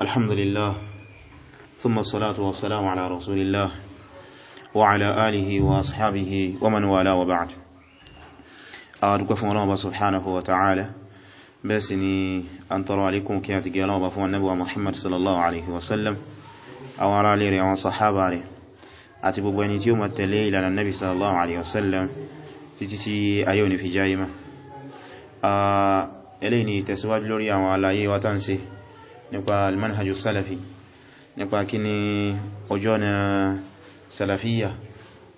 الحمد لله ثم الصلاة والسلام على رسول الله وعلى آله وأصحابه ومن والاه وبعد أدوك فون الله سبحانه وتعالى بسني أن ترى عليكم كي أتقال الله فون نبوة محمد صلى الله عليه وسلم أو أرى لي ريوان صحابة عليه أتبقى بنيتي ومتلي إلى النبي صلى الله عليه وسلم تتتي أيوني في جائمة eléyìí ni tẹ̀síwájú lórí àwọn àlàyé wa tán ṣe nípa almanhajjú salafi nípa kí ni ojú ọ̀nà salafiyya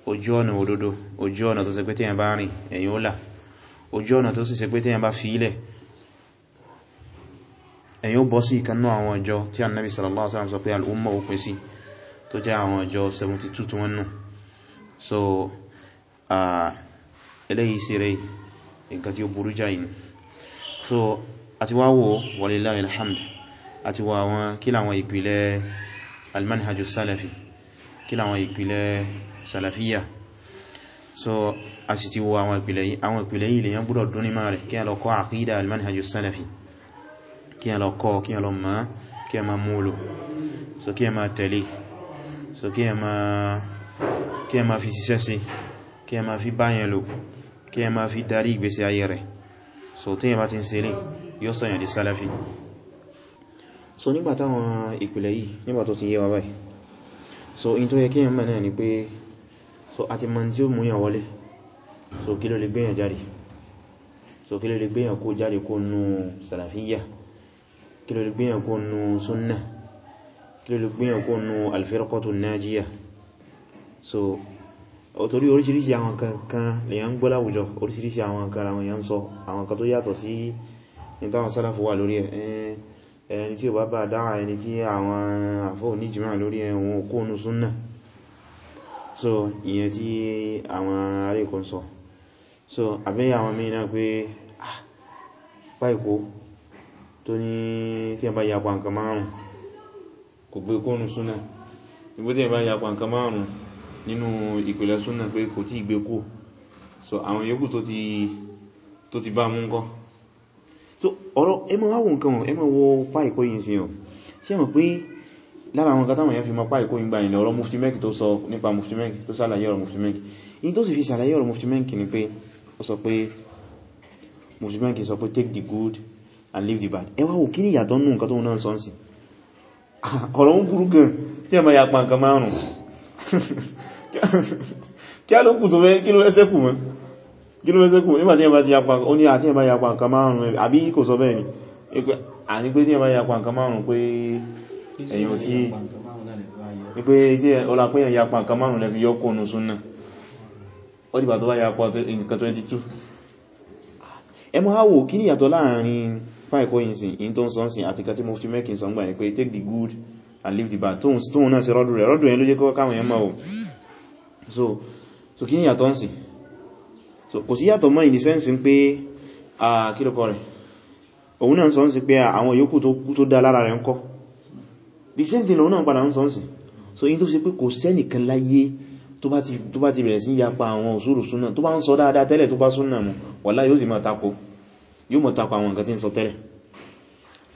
ojú ọ̀nà òdodo ojú ọ̀nà tó ṣe pé tẹ́yàn bá rìn ẹ̀yìn ó là ojú ọ̀nà tó sì ṣe pé tẹ́yàn bá fi ilẹ̀ ẹ̀yìn ó bọ́ sí ìkanná àwọn ọjọ́ tí annabi sallallahu alaihi wasallam sọ pé so eléyìí sí rẹ̀ nǹkan tí ó so àti wáwò walillahi àti wọ àwọn kílà àwọn ìpìlẹ̀ almanhajjú salafi kílà àwọn ìpìlẹ̀ salafiyya so a sì ti wọ àwọn ìpìlẹ̀ yìí àwọn ìpìlẹ̀ yìí lèyàn gbọ́dọ̀ dún ní máa rẹ̀ kí a lọ kọ́ àkídà almanhajjú salafi kí a lọ kọ́ kí a lọ mọ̀ kí a ma múlò so kí a ma tẹ̀lé so kí a ma kí a ma fi ṣiṣẹ́ sí kí a ma fi báyẹn lò kí a ma fi darí ìgbésí ayé rẹ̀ so tí a bá ti ń ṣe yóò sọ̀yàn di salafi so nígbà táwọn ìpìlẹ̀ yìí nígbà tó ti yé wa báyìí so in tó yẹ kí èyàn mọ̀ náà ni pé so àti mọ̀ tí ó mú yàn wọlé so kí ló lè gbéyàn jáde so kí ló lè gbéyàn kó jáde kó nú sàlàfíyà kí ló lè gbéyàn kó nú súnnà kí ló lè gbéyàn kó nú alfirqatu najiya so torí oríṣiríṣi àwọn kankan lèyàn ń gbọ́ láwùjọ oríṣiríṣi àwọn kan àwọn èyàn ń sọ àwọn kan tó yàtọ̀ sí ìtàwọn sálàfù wà lórí ẹ̀ ẹni tí ó bá bá dára ẹni tí àwọn àfọ́ oníjìmá lórí ẹ̀wọ̀n okónú súnnà so ìyẹn tí àwọn arékùn sọ so àbẹ́yà àwọn mìíràn pé ah, páìkó tó ní tí a bá yapa nǹkan márùn kò gbé kónú súnnà nígbé tí a bá yapa nǹkan márùn nínú ìpìlẹ̀ súnnà pé kò tí ìgbé kó so àwọn yòókù tó ti bá mú nǹkan so ọ̀rọ̀ ẹmọ wáwọ nǹkan wọn ẹmọ wọ páìkó yìí sí yàn ṣe mọ̀ pé lára àwọn katáwọn èèyàn fi mọ páìkó yìí gbà ọ̀rọ̀ mufti mẹ́kì tó sọ nípa mufti mẹ́kì tó sàlàyé ọ̀rọ̀ mufti mẹ́kì in tó sì fi sàlàyé ọ̀rọ̀ mufti mẹ́kì ni pé ó sọ pé mufti mẹ́kì sọ pé take the good and leave the bad ẹ wá wò kí ni ìyàtọ̀ nù nǹkan tó náà gan tí ma ya pa nǹkan márùn-ún kí á ló kí ló mẹ́sẹ́kù nígbàtí ẹ̀bá ti yapa ó ní àti ẹ̀bá yapa nǹkan márùn-ún àbí kò sọ bẹ́ẹ̀ ni àní pé tí ẹ̀bá yapa nǹkan márùn-ún pé èyàn tí pé tí ọlá pé èyàn yapa nǹkan márùn-ún lẹ́fi yọ́ kónú súnnà ó dìgbà tó take the good and leave the bad tó ń náà sí rọ́dù rẹ̀ rọ́dù yẹn ló jẹ́ kọ́ so kí ni ìyàtọ̀ ń sìn so kò sí yàtọ̀ mọ́ in the sense pé kílùkọ rẹ̀ òun náà sọ ń sí pé rẹ̀ òun náà sọ ń sí so in tó sì pé kò sẹ́nìkan láyé tó bá ti bẹ̀rẹ̀ sí yapa àwọn òṣòrò súnà tó bá ń sọ dáadáa tẹ́lẹ̀ tó bá súnà mọ̀ wàlá yóò sì máa tako yóò ń sọ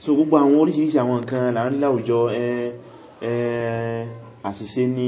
so gbogbo àwọn oríṣiríṣi àwọn nǹkan láàrin láwùjọ ẹ àṣìṣe ní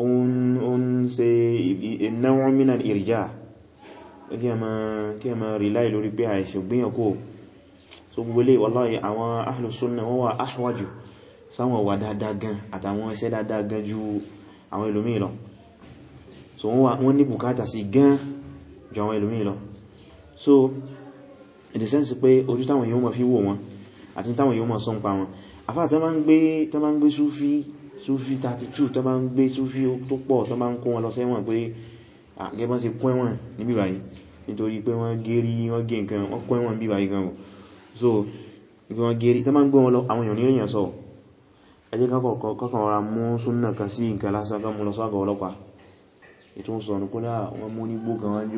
ń ṣe náwọ́ mínà ìrìjá kí a ma rely lórí pé àìṣẹ́ gbíyàn kó so gbogbo lè wallahi àwọn ahlus sunnah wọ́n wà áhwájú sáwọn wà dáadáa gan àtàwọn iṣẹ́ dáadáa gan ju àwọn ẹlòmíì lọ so wọ́n ní bùkátà sí gan ju àwọn ẹlòmíì lọ so in the pé ojú táwọn èèyàn ma fi wò wọn àti táwọn èèyàn ma sọ wọn afá tán ma ń gbé súfí Sufi 32 tó máa ń gbé Sufi tó pọ̀ tó máa ń kó wọn lọ sẹ́wọ̀n pé àgẹ́bọ́n ṣe kún ẹ̀wọ̀n ní bíbáyìí nítorí pé wọ́n gẹ́rí wọ́n gẹ́ nǹkan wọ́n kún ẹ̀wọ̀n bíbáyìí gan so wọ́n gẹ́rí tó máa ń gbé wọn lọ àwọn èèyàn níyàn sọ ẹjẹ́ kọ́kàn ra mú súnnà kan sí nǹkan lásán kan mú lọ sọ́gọ̀ ọlọ́pàá ètò ń sọ ní kódà wọ́n mú ní gbó kan wọ́n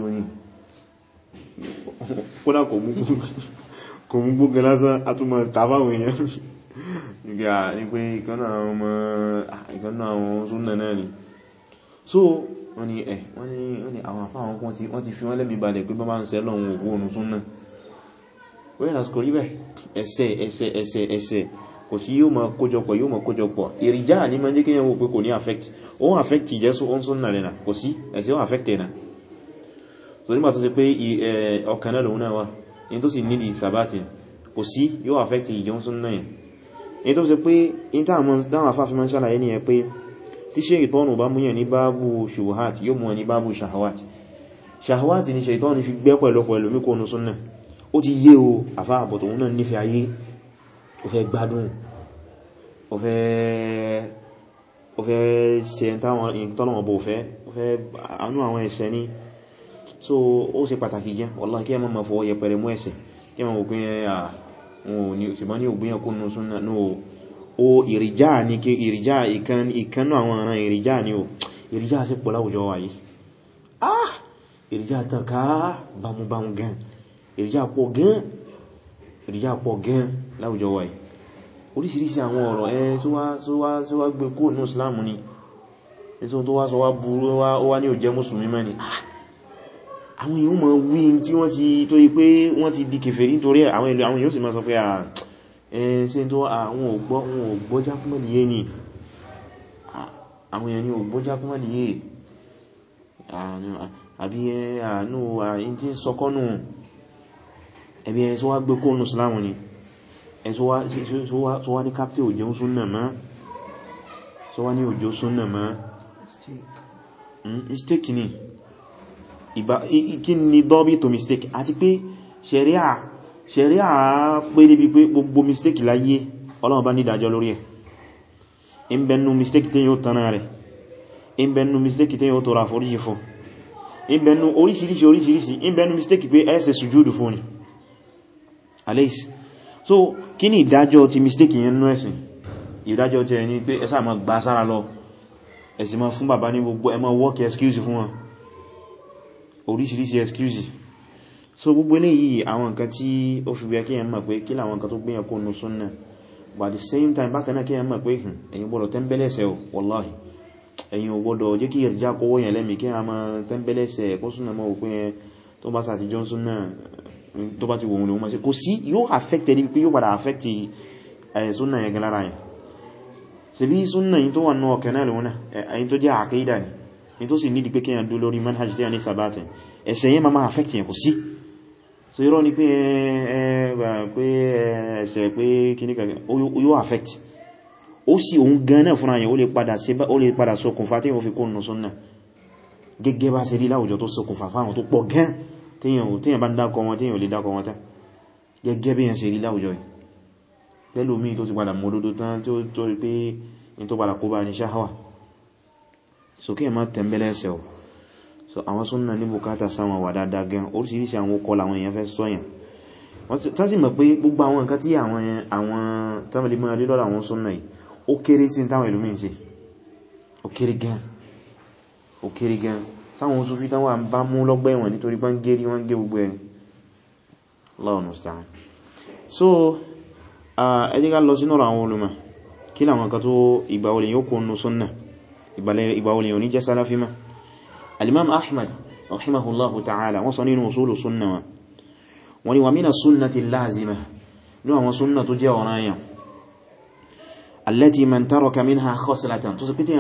jó ní pé ìkànnà àwọn súnnà náà ni so wọ́n ni ẹ̀ eh, wọ́n ni àwọn àfáà wọn wọ́n ti fi wọ́n lẹ́mí balẹ̀ pé bá bá ń sẹ́ lọ́wọ́ ògbó ònú súnnà wọ́n lásìkò rí bẹ̀ ẹsẹ̀ ẹsẹ̀ ẹsẹ̀ ẹsẹ̀ kò sí yóò máa kójọpọ̀ yóò máa kójọpọ̀ ìrìjá ní máa jẹ́ kí yẹn wò pé kò ní affect ó ń affect ìjẹ́ ó ń súnnà rẹ̀ náà kò sí ẹ̀sẹ̀ ó affect ẹ̀ náà so nígbà tó ṣe pé ọkàn náà lòun náà wà ní tó sì nídìí thabatin kò sí yóò affect ìjọ súnnà yẹn èyí tó ṣe pé ìtàwọn afáfí mọ́ ṣàlàyé ní ẹ pé tí ṣètọ́nù bá múyàn ní báàbù ṣùhàtì yóò mú ẹ ní báàbù ṣàhàwàtì ṣàhàwàtì ni ṣètọ́nù fi gbẹ́ pẹ̀lọpọ̀ ẹlòmí kó nù súnnà ó ti yé o àfá àbọ̀tọ̀ òun náà nífẹ̀ẹ́ ayé ní so ó ṣe pàtàkì jẹ́ wallahi kí ẹ má máa wọn ni ti ma ní ògbíyàn ní o ìrìjá ní kí ìrìjá ìkanú àwọn ọ̀ràn ìrìjá ní o ìrìjá sí pọ̀ láwùjọ wa yìí ah ìrìjá tàn ká bámúbámú gan ìrìjá pọ̀ gan ìrìjá pọ̀ gan láwùjọ wa yìí oríṣiríṣi àwọn ọ̀rọ̀ ẹ tó wá gbé kó nù Islam ni ẹ tó wá sọ wá burú wá ní ó jẹ́ mùsùlùmí mẹ́ni ah! àwọn èèyàn ma wí tí wọ́n ti tó yí pé wọ́n ti di kèfèrí nítorí àwọn ìlú àwọn èèyàn sì ma sọ pé ah, ẹ̀ẹ́sẹ́ tó ah, àwọn ògbọ́jákúmọ̀lìyé ni ah, àwọn èèyàn ni ògbọ́jákúmọ̀lìyé àbí àánú àyín tí sọkọ́nù ẹbí ẹni tó wá gbé kóònù Islamu ni ẹni tó wá ní káptẹ̀ òjò súnnà mọ́ tó wá ní òjò súnnà mọ́ mistake hmm, ni kí ni dọ́bí to mistake àti pé ṣẹ̀ríà ṣẹ̀ríà pé níbi pé gbogbo mistake láyé Ọlọ́run bá ní ìdájọ́ lórí ẹ̀ in bẹnu mistake tí yóò tanná rẹ̀ in bẹnu mistake tí yóò tọrọ àforíjì fún in bẹnu oríṣiríṣi oríṣiríṣi in bẹnu mistake pé ẹ ṣe sùjúdù fún ni alais so kí ni ìdájọ́ ti mistake yẹn nú ẹ̀sìn ìdájọ́ ti ẹni pé ẹ sáà máa gbà sára lọ ẹ̀sìn máa fún bàbá ní gbogbo ẹ máa work excuse fún wọn oríṣiríṣi excuse so gbogbo eléyìí àwọn nǹkan tí ó fi bí akíyàn mọ̀ pé kí láwọn nǹkan tó gbíyàn kó nù súnnà but at the same time bákan náà kíyàn mọ̀ pé hmm, ẹ̀yin gbọ́dọ̀ tẹ́mbẹ́lẹ́sẹ̀ o wallahi ẹ̀yin ò gbọ́dọ̀ jẹ́ kí ìrìjá kówó yẹn lẹ́mì kí a mọ́ tẹ́mbẹ́lẹ́sẹ̀ kó súnnà mọ́ òpin yẹn hmm, tó bá sàti jọ súnnà tó bá ti wòun lòun mọ́ sí kò sí yóò affect ẹni pé yóò padà affect súnnà yẹn gan lára yẹn ṣebí súnnà yìí tó wà nù ọ̀kẹ́ ní tó sì nídi pé kíyàn dó lórí manhaj tí a ní thabata ẹ̀sẹ̀ yẹn ma máa affect yẹn kò sí so irọ́ ni pé ẹ̀sẹ̀ pé kíníkà yóò affect ó sì òun gan náà fúnra yẹn ó lè padà ṣokùnfà tí yẹn fi kónù súnnà gẹ́gẹ́ bá ṣe rí láwùjọ tó ṣokùnfà fáwọn tó pọ̀ gan tíyàn bá dákọ wọn tíyàn lè dákọ wọn tán gẹ́gẹ́ bí yẹn ṣe rí láwùjọ yìí pẹ́lú mi tó ti padà mọ́ so kí ẹ má ẹsẹ̀ o so àwọn súnnà ní bùkátà sáwọn wà dáadáa gan oríṣiríṣi àwọn okọ́ làwọn èèyàn fẹ́ sọ́yàn tán sì mọ̀ pé gbogbo àwọn nǹkan tí àwọn tánbẹ̀lẹ̀ mọ́ rí lọ́dọ̀ àwọn súnnà yìí ó kéré sí táwọn ìlú mìí ṣe ó so ẹ jẹ́ ká lọ sínú àwọn olùmọ̀ kí làwọn kan ìgbàwọlẹ̀ òní jẹ́ salafi ma alimam ahmad rahimahullahu ta'ala wọ́n sọ nínú usulu sunna wa wọ́n ni wa mina sunnati lazima ní àwọn sunna tó jẹ́ ọ̀ranyàn allati man taraka minha khaslatan tó sì pé tí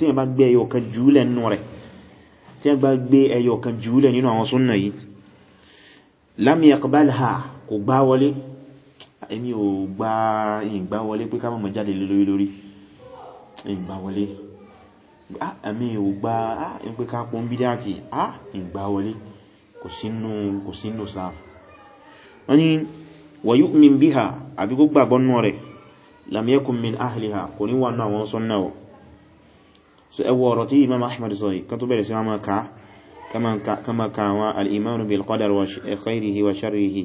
yẹn bá gbé ẹyọ kan jùúlẹ̀ nínú rẹ̀ tí yẹn bá gbé ẹyọ kan jùúlẹ̀ nínú àwọn sunna yìí lam yaqbalha kò gbá wọlé èmi ò gbá ìgbá wọlé pé ká mọ̀ jáde lórí lórí ìgbá wọlé àmì ah, ògbà ìpẹ́kápọ̀ ah, ń bí dáàtì à ah, ìgbà wọlé kò sínú Islam wọ́n ni wa yu'min biha àbí kó gbàgbọ́ nù rẹ̀ lam yakun min ahliha kò ní wà náà wọ́n sọ́nà ọ̀ so ẹwọ ọ̀rọ̀ tí Imam Ahmad sọ yìí kan tó bẹ̀rẹ̀ sí wọ́n máa kàá kama kawa al'imanu bil qadar wa khairihi wa sharrihi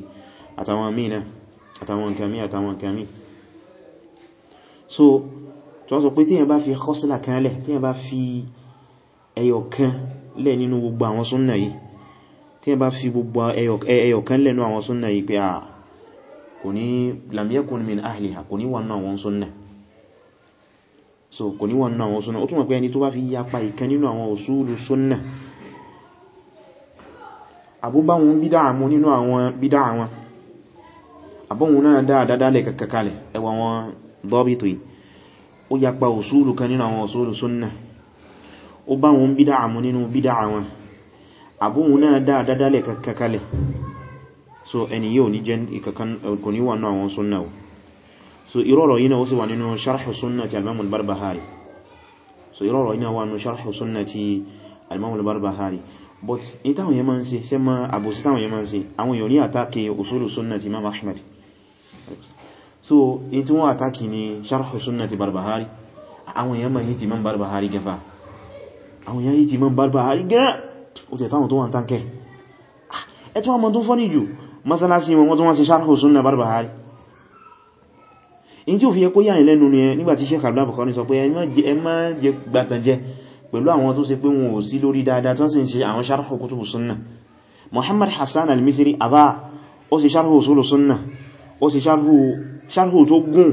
àtàwọn mina àtàwọn kami àtàwọn kami so tó sọ pé tíyàn bá fi kọ́sílà kan lẹ̀ tíyàn bá fi ẹyọ kan lẹ̀ nínú gbogbo àwọn súnnà yìí tíyàn bá fi gbogbo ẹyọ kan lẹ̀ nínú àwọn súnnà yìí pé àà kò ní lam min ahliha kò ní wọnà àwọn so kò ní wọnà àwọn súnnà ó túnmọ̀ pé ẹni tó bá fi yapa ìkan nínú àwọn usulu súnnà àbúbáwọn bídá àmú nínú àwọn bídá àwọn àbọ̀wọn náà dáadáa lẹ̀ kàkàkalẹ̀ ẹwà wọn ó yapa òsúlù kan nínú àwọn òsúlù súnnà ó bá wọn bídá àmú nínú bídá àwọn àbúhun náà dáadádálẹ̀ kakalẹ̀ so ẹni yóò ní jẹ́ kò ní so ìrọ̀rọ̀ yìí náà ó sì wà nínú sharh súnnà so ìrọ̀rọ̀ yìí náà wà nínú sharh súnnà ti but in táwọn yẹn máa ń ṣe ṣe ma àbòsí táwọn yẹn máa ń ṣe àwọn so in tí wọ́n àtàkì ni sharhu sunna ti barbahari àwọn èèyàn máa hìtì Imam barbahari gẹfà àwọn èèyàn hìtì Imam barbahari gẹ́ o tẹ̀ táwọn tó wà ń tánkẹ́ ẹ̀tọ́ àmọ́ tó fọ́nì jù masalasi wọn wọ́n tó wọ́n ṣe sharhu sunna barbahari in tí ò fi yẹ kó yà ní lẹ́nu ni nígbàtí Sheikh Abdul Bukhari sọ pé ẹ má jẹ gbàtànjẹ pẹ̀lú àwọn tó ṣe pé wọn ò sí lórí dáadáa tó sì ń ṣe àwọn sharhu kutubu sunna Muhammad Hassan al-Misri ava ó sì sharhu usulu sunna ó sì sharhu ṣarhù tó gùn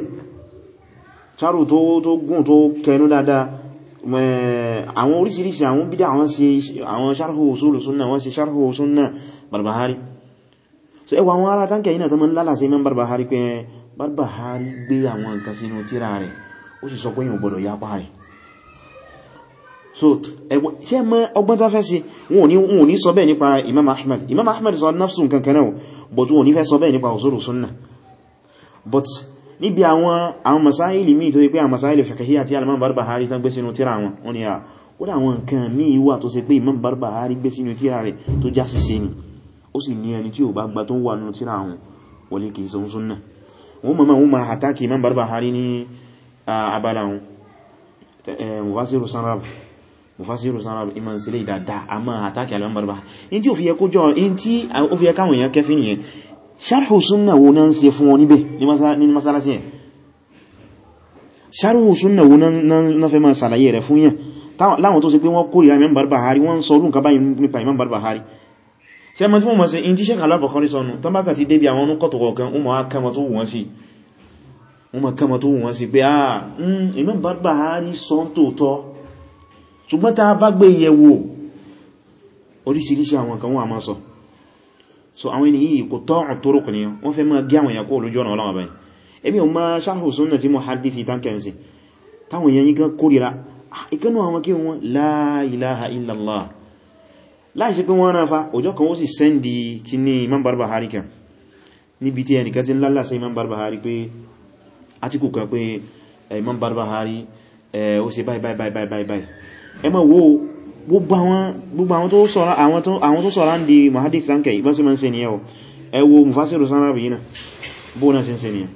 ṣarhù tó gùn tó kẹnu dáadáa àwọn orísìírísìí àwọn bídá àwọn ṣe àwọn ṣarhù usulu súnnà wọ́n ṣe ṣarhù súnnà barbahari so ẹwà àwọn ará tánkẹ̀ yínà tó mọ́ lálàsẹ́ mẹ́ barbahari pé barbahari gbé àwọn nǹkan sínú tíra rẹ̀ ó sì sọ pé yíò gbọdọ̀ yapa rẹ̀ so ṣe mọ́ ọgbọ́n tá fẹ́ sí wọn ò ní sọ bẹ́ẹ̀ nípa Imam Ahmad Imam Ahmad sọ nafsun kankanáwò but wọn ò ní fẹ́ sọ bẹ́ẹ̀ nípa usulu súnnà but níbi àwọn àwọn masáìlì míì tó yí pé àwọn masáìlì fiqhiyya àti Imam Barbahari tán gbé sínú tíra wọn wọ́n ni à ó dá àwọn nǹkan míì wà tó ṣe pé Imam Barbahari gbé sínú tíra rẹ̀ tó já sí se ni ó sì ní ẹni tí ò bá gba tó wà nínú tíra wọn wọlé kìí sọ súnnà wọ́n mọ̀ wọ́n àtàkì Imam Barbahari ní abala wọn mufasiru sanrab mufasiru sanrab iman sílẹ̀ ìdàdà a máa àtàkì Imam Barbahari in tí ó fi yẹ kó sharhu sunna wo náà ń ṣe fún wọn níbẹ̀ ní masalasi ẹ̀ sharhu sunna wo náà fẹ́ máa sàlàyé rẹ̀ fún yàn láwọn tó ṣe pé wọ́n kórìíra Imam Barbahari wọ́n ń sọ orúnkà báyìí nípa Imam Barbahari ṣe mọ́ tí wọ́n mọ̀ sí in tí Sheikh Al-Bukhari sọnù tán bá kàtí débi àwọn onúkọ̀tọ̀kọ̀ kan wọ́n máa kama so àwọn ènìyàn kò tọ́ọ̀rùn tó rùkù ní wọ́n fẹ́ máa gí àwọn èèyàn kó lójú ọ̀nà ọlọ́wọ́ báyìí èmi ò máa ṣáhù súnnà tí mo hadithi tánkẹ̀nsì táwọn èèyàn yíká kórìíra ah, ìkánú àwọn kí wọ́n la ilaha illallah láìsí pé wọ́n ráfa ọjọ́ kan ó sì sẹ́ndì kí ní Imam Barbahari kan níbi tí ẹnìkan ti lálà sí Imam Barbahari pé átíkù kan pé Imam Barbahari eh, ó ṣe báyìí báyìí báyìí báyìí ẹ máa wo gbogbo àwọn tó sọ̀rọ̀ ń di mahadis lankẹ̀ ìbá sí ma ń ṣe nìyẹn ẹ wo mufasiru sanrabi yìí náà bóòna sí ń ṣe nìyẹn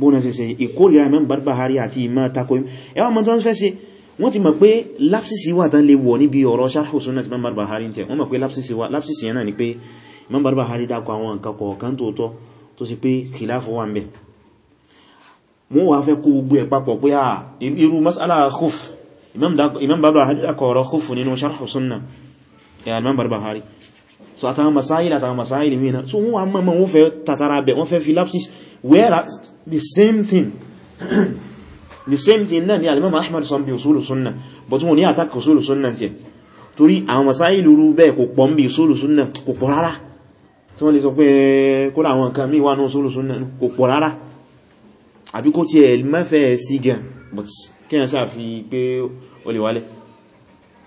bóòna sí ń ṣe ìkórìíra Imam Barbahari àti ìmá tako ẹwà mọ́ tó ń fẹ́ sí wọ́n ti mọ̀ pé lápsìsì wà tán lè wọ̀ níbi ọ̀rọ̀ Sharh Sunnah Imam Barbahari tẹ̀ wọ́n mọ̀ pé lápsìsì yẹn náà ni pé Imam Barbahari dákọ̀ àwọn nǹkan kọ̀ọ̀kan tóótọ́ tó sì pé kìláàfù wà ń bẹ̀ wọ́n wà fẹ́ kó gbogbo ẹ̀ papọ̀ pé à irú imam barbahari akọ̀ọ̀rọ̀ kúfù nínú sharhu sunna ya imam barbahari so àtàwọn masáyìlì àtàwọn masáyìlì mìíràn so wọ́n wà mọ́mọ́ wọ́n fẹ́ tàtàrà bẹ̀ wọ́n fẹ́ philapsis whereas the same thing the same thing náà ni alimam ahmad sọ bí usulu sunna but wọ́n ní attack usulu sunna tí ẹ torí àwọn masáyìlì rú bẹ́ẹ̀ kò pọ̀ bí usulu sunna kò pọ̀ rárá tí wọ́n lè sọ pé kó láwọn nǹkan míì wà ní usulu sunna kò pọ̀ rárá àbí kó tiẹ̀ mẹ́fẹ́ sí gan but kí ẹ sáà fi pé o lè wálẹ̀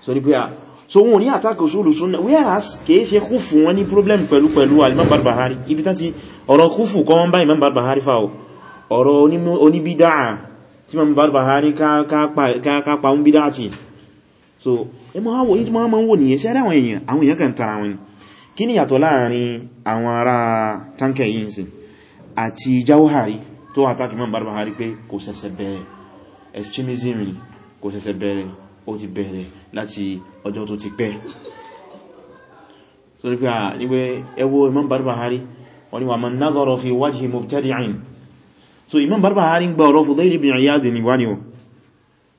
so ní pé à ah, so wọn ní àtàkì òṣòlù súnnà whereas kìí ṣe kúfù wọn ní problem pẹ̀lú pẹ̀lú Imam Barbahari ibi tán ti ọ̀rọ̀ kúfù kọ́ wọ́n bá Imam Barbahari fa ọ̀rọ̀ oníbídáà tí Imam Barbahari kápa so ẹ mọ́ àwọ̀ yìí máa ń wò nìyẹn sí àwọn èèyàn àwọn èèyàn kan tara wọn kí ni Imam Barbahari pé kò extremism kò ṣẹ̀ṣẹ̀ bẹ̀rẹ̀ ó ti bẹ̀rẹ̀ láti ọjọ́ tó ti pẹ́ so ní pé à nígbé ẹwọ Imam Barbahari wọ́n ni wà man nadhara fi wajhi mubtadi'in so Imam Barbahari gba ọ̀rọ̀ Fudayl ibn Iyad ni wá ni o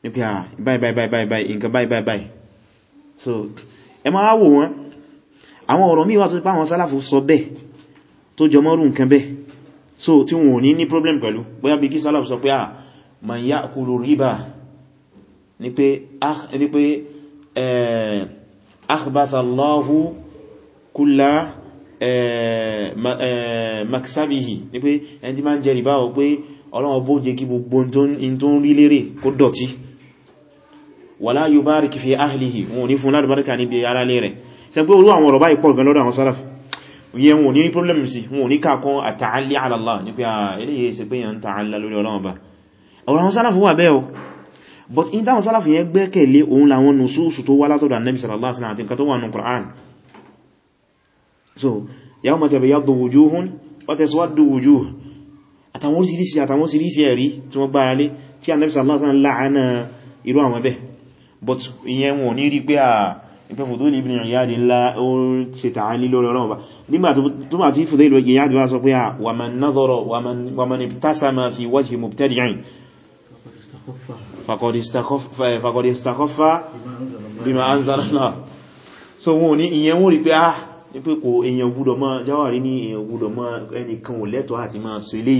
ní pé à báyìí báyìí báyìí báyìí nǹkan báyìí báyìí so ẹ máa wò wọ́n àwọn ọ̀rọ̀ míì wà tó pàwọn sálàfù sọ bẹ́ẹ̀ tó jọmọ́rù nǹkan bẹ́ẹ̀ so tí wọn ò ní ní problem pẹ̀lú bóyá bí kí sálàfù sọ pé à man ya'kulu riba ní pé eh, akhbathallahu kulla eh, eh, maksabihi ní pé ẹni tí ma ń jẹ riba wọ pé ọlọ́wọ́ bó jẹ́ kí gbogbo tó ń rí lérè kó dọ̀tí wala yubarik fi ahlihi wọn ò ní fún lálùbáríkà níbi ara lè rẹ̀ ṣe pé olú àwọn ọ̀rọ̀ báyìí pọ̀ gan lọ́dọ̀ àwọn sáraf yẹn wọn ò ní problem sí wọn ò ní kàkọ́ àtàálí ala ní pé eléyìí ṣe pé yẹn ń tààlá lórí ọlọ́wọ́ bá ọ̀rọ̀ àwọn sálàfù wà bẹ́ẹ̀ o but in táwọn sálàfù yẹn gbẹ́kẹ̀lé òun làwọn nùsúsù tó wá látọ̀dọ̀ annabi sallallahu alaihi wasallam àti nǹkan wà nù so yawma tabyaddu wujuhun wa taswaddu wujuh àtàwọn orísìírísìí àtàwọn orísìírísìí ẹ̀rí tí wọ́n gbára lé tí annabi sallallahu alaihi wasallam láàánà irú but ìyẹn wọn ní rí pé à ìpẹ́ Fudail ibn Iyad ńlá ó ṣe tààlí lórí ọ̀rọ̀ ọba nígbà tó bá tí Fudail faqad istakhaffa eh, bima anzala Allah so wọ́n ní ìyẹn wọ́n rí pé ah ní pé kò èyàn gbúdọ̀ mọ́ jáwàrí ní èyàn gbúdọ̀ mọ́ ẹnìkan ò lẹ́tọ̀ọ́ àti máa so ilé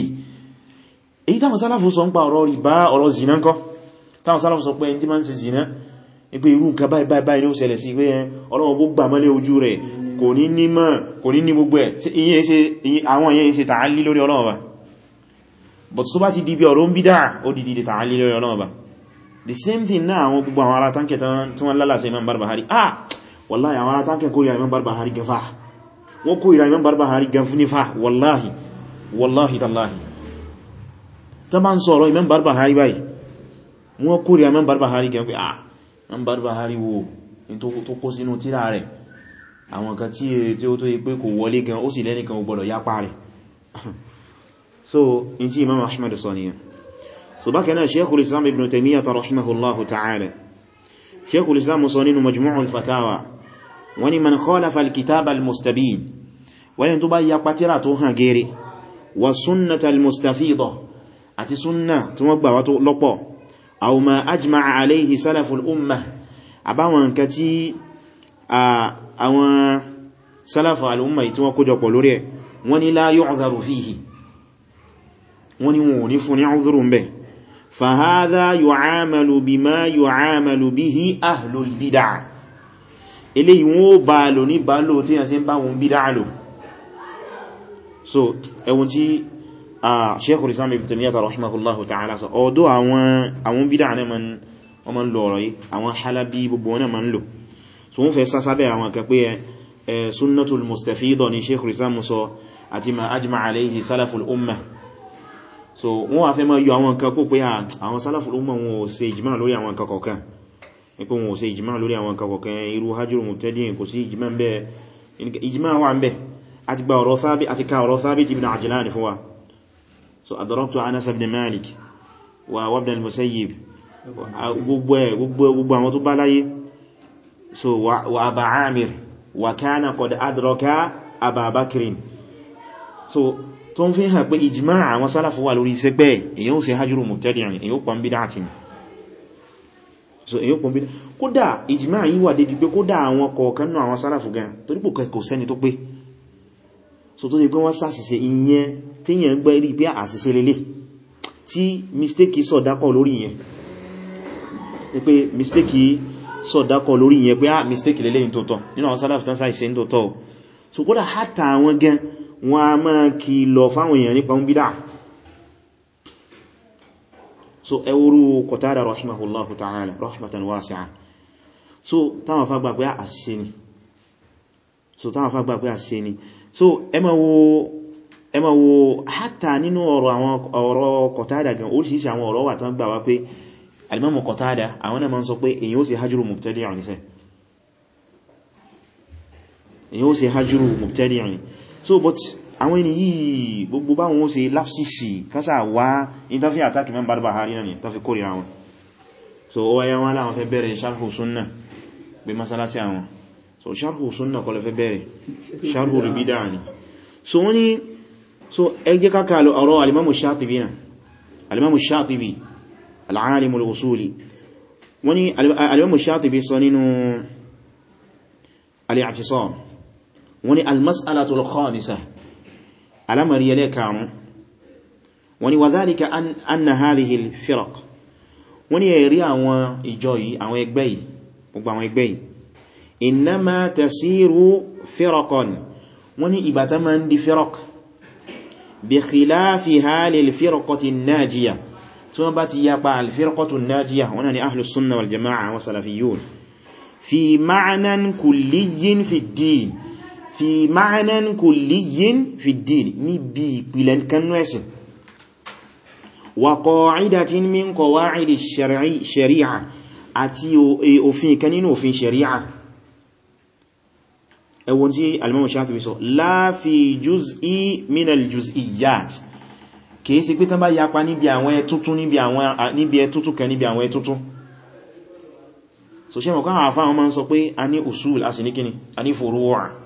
èyí táwọn sálàfù sọ ń pa ọ̀rọ̀ ìbá ọ̀rọ̀ zina ńkọ́ táwọn sálàfù sọ pé ẹni tí máa ń ṣe zina ní pé irú nǹkan báyìí báyìí ló ṣẹlẹ̀ sí pé eh, ọlọ́run gbogbo àmọ́lé ojú rẹ̀ kò ní ní mọ́ kò but tó bá ti di bí ọ̀rọ̀ ń bí dáa ó di dìde tàà lílẹ̀ ọ̀rọ̀ ọba the same thing náà àwọn gbogbo àwọn ará tánkẹ̀ tí wọ́n lálàsẹ̀ Imam Barbahari ah wallahi àwọn ará tánkẹ̀ kórìíra Imam Barbahari gẹfà wọ́n kórìíra Imam Barbahari gẹfù nífà wallahi wallahi tallahi tó bá ń sọ̀rọ̀ Imam Barbahari báyìí wọ́n kórìíra Imam Barbahari gẹfù ah Imam Barbahari wo in tó kó sínú tírà rẹ̀ àwọn kan tí ó tó yí pé kò wọlé gan ó sì lẹ́nìkan ò gbọ́dọ̀ yápa rẹ̀ so in ti imam ahmad sọ nìyàn so bákan náà sheikhul islam ibn taymiyyah rahimahullahu ta'ala sheikhul islam sọ nínú majmu'ul fatawa wani man khalafa al-kitab al-mustabin wani tó bá ya patira tó hàn gere wa sunnata al-mustafida àti sunna tí wọ́n gbà wá tó lọ́pọ̀ aw ma ajma'a alayhi salaful ummah àbáwọn nǹkan tí àwọn salafu al-ummah tí wọ́n kójọpọ̀ lórí ẹ̀ wọ́n ni la yu'dharu fihi wọ́n ni wọ́n ní fún ní uzuru ń bẹ̀ fahadha yu'amalu bima yu'amalu bihi ahlul bid'ah eléyìí wọ́n bá lò ní bá lò tí yàn sí bá wọn bid'ah lò so ẹwùn tí a sheikhul islam ibn taymiyyah rahimahullahu ta'ala sọ ọ̀dọ̀ àwọn àwọn náà wọ́n lò ọ̀rọ̀ yìí àwọn so wọ́n fẹ́ sásábẹ̀ àwọn kan pé sunnatul mustafida ni sheikhul islam sọ àti ma ajma alayhi so wọ́n wá fẹ́ máa yọ àwọn nǹkan kó pé àwọn sálàfù ló mọ̀ wọn ò ṣe ìjìmá lórí àwọn nǹkan kọ̀ọ̀kan ní pé wọn ò ṣe ìjìmá lórí àwọn nǹkan kọ̀ọ̀kan irú hajjúrù mutadin kò sí ìjìmá ń bẹ Malik wa wabn al-Musayyib gbogbo ẹ̀ gbogbo àwọn tó bá láyé so wa Aba Amir wa kana qad adraka Aba Bakrin so tó ń fi hàn pé ìjìmá àwọn sálàfù wà lórí iṣẹ́ bẹ́ẹ̀ èyàn ó ṣe hajjúrù mubtadi'in èyàn ó pa ń bídá àti so èyàn ó pa ń bídá kódà ìjìmá yìí wà débi pé kódà àwọn kọ̀ọ̀kan náà àwọn sálàfù gan torí pò sẹ́ni tó pé so tó ṣe pé wọ́n ṣàṣìṣe ìyẹn tí yẹn gbẹ́ rí pé àṣìṣe lélẹ̀ tí mistake sọ̀dákọ̀ lórí yẹn pé mistake sọ̀dákọ̀ lórí yẹn pé ah mistake lélẹ̀ ní tó tọ́ nínú àwọn sálàfù tán ṣàṣìṣe ní tó tọ́ so kódà hátà àwọn gan wọn a máa kí lọ fáwọn èèyàn nípa ń bídá so ẹwúrú Qatada rahimahullahu ta'ala rahmatan wasi'a so táwọn fagbà pé àṣìṣe ni so táwọn fagbà pé àṣìṣe ni so ẹ wo ẹ wo hátà nínú ọ̀rọ̀ àwọn ọ̀rọ̀ Qatada gan oríṣiríṣi àwọn ọ̀rọ̀ wà tán gbà wá pé alimamu Qatada àwọn náà máa ń sọ pé èyàn ó sì hajjúrù mubtadi'an nìsẹ́ èyàn ó ṣe hajjúrù mubtadi rìn so but àwọn ẹni yìí gbogbo báwọn ó ṣe lápsìsì kásà wá ìtafí àtàkì mẹ́ bàbá harí náà ni tàfi kórìíra wọn so ó wáyé wọn láwọn fẹ́ bẹ̀rẹ̀ sharhu sunna pé masalasi àwọn so sharhu sunna kọlọ fẹ́ bẹ̀rẹ̀ sharhu ribida ni so wọ́n ni so ẹgbẹ́ kákàlù ọ̀rọ̀ alimamu shatibi na alimamu shatibi al'alimul usuli wọ́n ni alimamu shatibi sọ nínú wọ́n ni almasalatul khamisa alamari yẹlẹ́ karùn wọ́n ni wàzálika anna hadhihi al-firaq wọ́n ni ẹ̀rí àwọn ìjọ yìí àwọn ẹgbẹ́ yìí gbogbo àwọn ẹgbẹ́ yìí innama tasiru firaqan wọ́n ni ìbátá ma ń di firaq bí khilafi halil firqati najiya tí wọ́n bá ti yapa al-firqatu najiya wọ́n ni ahlus sunna wal jama'a wa salafiyun fi ma'nan kulliyin fi din fi ma'nan kulliyyin fi ddin níbi ìpìlẹ̀ kanú ẹ̀sìn wa qa'idatin min qawa'idi shari'a àti òfin kan nínú òfin shari'a ẹwọ́n tí al-Imam Shafi'i sọ la fi juz'i min al-juz'iyyat kìí sí pé tán bá yapa níbi àwọn ẹ̀tútún níbi ẹ̀tútún kan níbi àwọn ẹ̀tútún so ṣe mọ̀ káwọn àfáà wọn ń sọ pé a ní usul a sì ní kíni a ní furu'a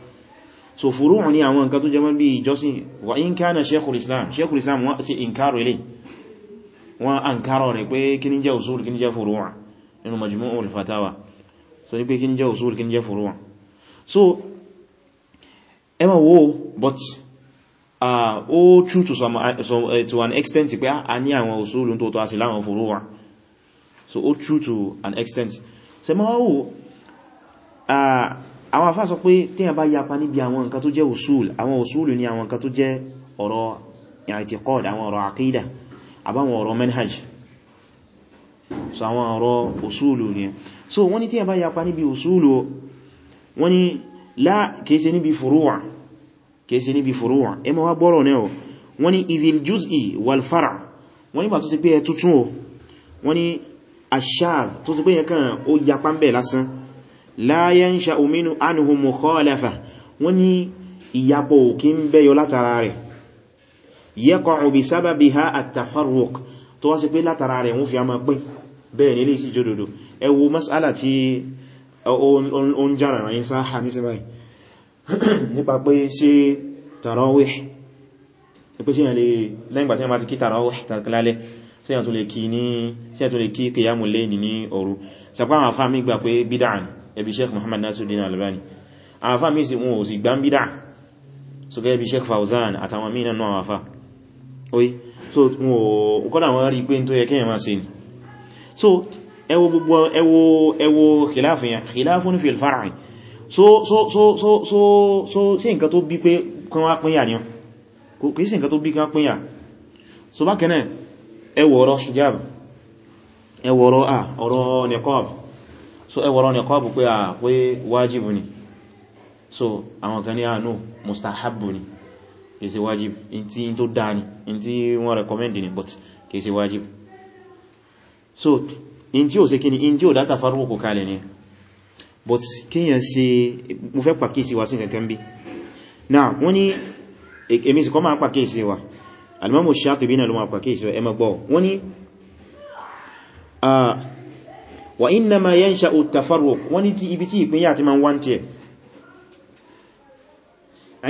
so furu'u ni àwọn nǹkan tó jẹmọ́ bí ìjọsìn wa in kana sheikhul islam sheikhul islam wa se inkaro ilé wa ankaro rẹ̀ pé kí ní usul kí ní jẹ́ furu'u nínú majmu'ul fatawa so ní pé kí ní usul kí ní jẹ́ furu'u so ẹmọ wo but ah, uh, true to, some, uh, uh, to an extent pé a ní àwọn usul tó tó a sì láwọn so ó true to an extent so ẹmọ wo àwọn afá sọ pé téèyàn bá yapa níbi àwọn nǹkan tó jẹ́ usul àwọn usul ni àwọn nǹkan tó jẹ́ ọ̀rọ̀ i'tiqad àwọn ọ̀rọ̀ aqida àbáwọn ọ̀rọ̀ manhaj so àwọn ọ̀rọ̀ usul ni so wọ́n ní téèyàn bá yapa níbi usul wọ́n ní lá kìí níbi furu'a kìí ṣe níbi furu'a ẹ ma wá gbọ́rọ̀ náà wọ́n ní idhil juz'i wal fara wọ́n ní bà tó ṣe pé ẹ tuntun wọ́n ní ashar tó ṣe pé yẹn kàn ó yapa ń bẹ̀ lásán la yansha'u minhu anhu mukhalafa wọ́n ní ìyapọ̀ òkín bẹ́yọ látara rẹ̀ yaqa'u bisababiha at-tafarruq tó wá sí pé látara rẹ̀ wọ́n fi a máa pín bẹ́ẹ̀ nílé sí jòdòdó ẹ wo mas'ala tí o ń jára rẹ̀ sáà ní sí báyìí nípa pé ṣe tarawih pé sí ìyànlẹ̀ lẹ́yìnbà kí tarawih tàkílálẹ̀ tó lè kí qiyamul layl ní òru sàpá àwọn afá mi pé bídà ẹbí sheikh muhammad nasiruddin albani àwọn afá mi sì wọn ò sì gbá ń bídá so gẹ́gẹ́ bí sheikh fauzan àtàwọn mí nánú àwọn afá oí so kọ́dà wọ́n rí pé tó yẹ kẹ́yàn máa ṣe ni so ẹwọ gbogbo ẹwọ ẹwọ khilafiyàn khilafun fil far'i so so so so so so sí nǹkan tó bí pé kan wá pínyà ni kìí sí nǹkan tó bí kan pínyà so bákẹ́nẹ̀ ẹwọ ọ̀rọ̀ hijab ẹwọ ọ̀rọ̀ à ọ̀rọ̀ niqab so ẹwọ̀rọ̀ ní kọ́bù pé a pé wájìbù ni so àwọn kan ní a no mustahabu ni kìí ṣe wájìbù in tí tó dáa ni in tí wọ́n recommend ni but kìí ṣe wájìbù so in tí ó ṣe kí ni in tí ó dáta farúkù kalẹ̀ ni but kíyàn ṣe mo fẹ́ pàkíyèsí wa sí kankan bí now wọ́n ní èmi sì kọ́ máa pàkíyèsí wa alimamu Shatibi náà ló máa pàkíyèsí wa ẹ má gbọ́ wọ́n ní wa innama yansha'u at-tafarruq wọ́n ní ti ibi tí ìpínyà ti ma ń wá ń tiẹ̀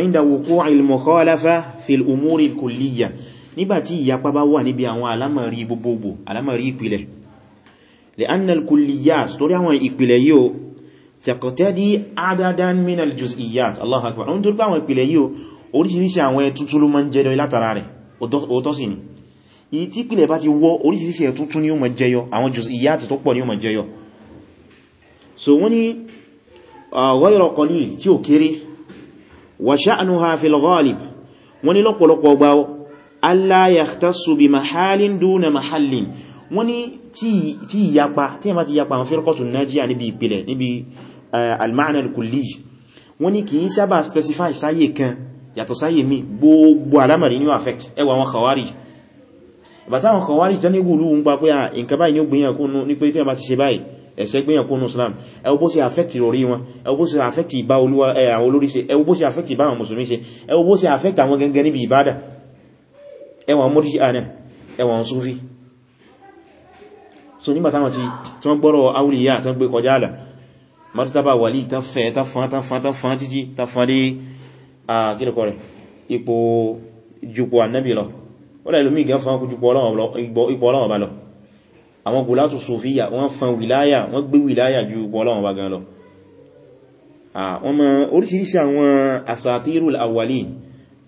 inda wuqu'i al-mukhalafa fi al-umuri al-kulliyya nígbàtí ìyapa bá wà níbi àwọn alámọ̀rí gbogbogbò alámọ̀rí ìpìlẹ̀ li'anna al-kulliyat torí àwọn ìpìlẹ̀ yíò taqtadi adadan min al-juz'iyat Allahu akbar oun tó rí pé àwọn ìpìlẹ̀ yíò oríṣiríṣi àwọn ẹtútúlú ma ń jẹ́ lọ látara èyí tí pìlẹ̀ bá ti wọ́ oríṣiríṣi ẹ̀ tuntun ni ó máa jẹyọ àwọn jùs ìyá àti tó pọ̀ ni ó máa jẹyọ so wọ́n ni ghayra qalil tí ó kéré wa sha'nuha fil ghalib wọ́n ni lọ́pọ̀lọpọ̀ gbá alla yahtassu bi mahalin duna mahallin wọ́n ni tí ìyapa tí ìyapa ti yapa àwọn firqatu najiya níbi ìpìlẹ̀ níbi al-ma'na al specify sáyé kan yàtọ̀ sáyé mi gbogbo alamari ni ó affect ẹwà wọn khawarij bàtà àwọn kọwàrí jẹ́ ní gùlù ń gba pé à ah, nǹkan báyìí ní ó gbìyàn kúnnú ní pé tí a bá ti ṣe báyìí ẹ̀ṣẹ̀ gbìyàn kúnnú Islam ẹwọ bó ṣe affect ìrọ̀rí wọn ẹwọ bó ṣe affect ìbá àwọn olórí ṣe ẹwọ bó ṣe affect ìbá àwọn mùsùlùmí ṣe ẹwọ bó ṣe affect àwọn gẹ́gẹ́ níbi ìbádà ẹwọ̀n mọ́rí ah, àná ẹwọ̀n Sufi so nígbà táwọn ti tí wọ́n gbọ́rọ̀ awliya tán gbé kọjá àlà martaba wali tán fẹ́ tán fán tán fán tán fán títí tán annabi ah, lọ ó lẹ́lú mí gan fán kú ipò ọlọ́wọ̀n bá lọ àwọn gùlátù sofia wọ́n fan wìláyà wọ́n gbé wìláyà ju ipò ọlọ́wọ̀n bá gan lọ àwọn oríṣiríṣi àwọn asatirul awwalin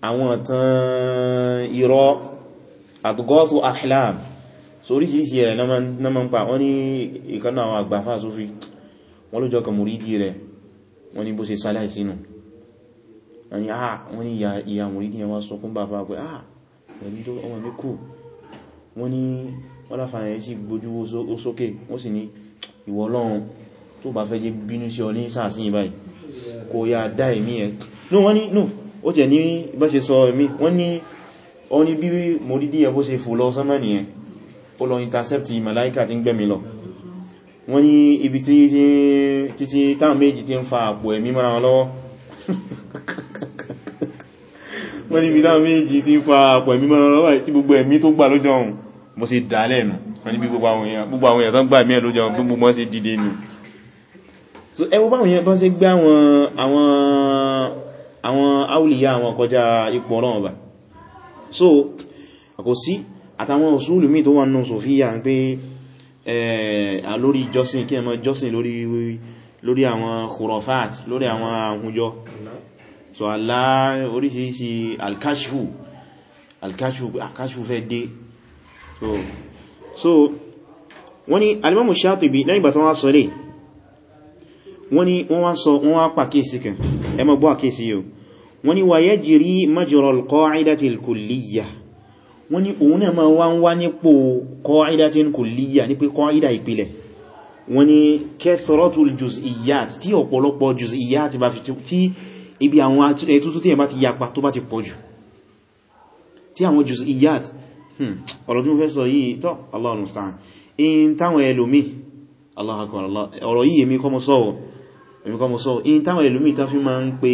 àwọn tán irọ́ àtgọ́sù ahlam so oríṣiríṣi rẹ̀ na ma ń pa wọ́n ní ìkanná àwọn àgbàfà sófí wọ́n ló jọ kà mùrídí rẹ̀ wọ́n ní bó ṣe sáláì sínú wọ́n ní ah, ìyà mùrídí yẹn wá sọ kún bá fà pé ah ẹbí tó ọmọ mi wọ́n ní wọ́n láfààyàn sí gbójú sókè wọ́n sì ní ìwọ Ọlọ́run tó bá fẹ́ jẹ́ bínú sí ọlí sáàsìn ìbáyìí kò yá dá èmí ẹ̀ no wọ́n no ó tẹ̀ ní bá ṣe sọ èmí wọ́n ní ọ ní bí mòdídí ẹ bó ṣe fò lọ sánmà nìyẹn ó lọ intercept màláíkà tí ń gbẹ̀mí lọ wọ́n ní ibi títí táwọn méjì ti ń fa àpò ẹ̀mí mara wọn lọ́wọ́ wọ́n ní ibi dáwọn méjì tí ń fa àpọ̀ ẹ̀mí mọ́ra lọ́wọ́ tí gbogbo ẹ̀mí tó gbà lójọ ohun mo sì dà lẹ́nu wọ́n ní bí gbogbo àwọn èèyàn tán gbà mí lójọ ohun gbogbo wọ́n sì dìde nù so ẹwọ báwọn èèyàn tán sí gbé àwọn áwùlìyà àwọn kọjá ipò ọ̀rọ̀ ọba so kò sí àtàwọn òṣùlù míì tó wà nù sòfíà so alá oríṣiríṣi alkashifu alkashifu fẹ́ dé so so wọ́n ni alimamu Shatibi lẹ́yìn bàtán wá sọ lè wọ́n ni wọ́n wá sọ wọ́n wá pàkíyèsí kan ẹ má gbọ́ àkíyèsí yóò wọ́n ni wa yajri majra al-qa'idati al-kulliyya wọ́n ni òun náà ma wá ń wá nípò qa'idatin kulliyya ní pé qa'ida ìpìlẹ̀ wọ́n ni kathratul ibi àwọn ètùtù eh, tí ẹ bá ti yapa tó bá ti pọ̀ jù tí àwọn jùsù iyat hmm, ọ̀rọ̀ tí mo fẹ́ sọ yìí tọ́ Allahu musta'an in táwọn ẹlòmí Allahu akbar ọ̀rọ̀ yìí èmi kọ́ mo sọ́wọ́ èmi kọ́ mo sọ́wọ́ in táwọn ẹlòmí ta fi ma ń pe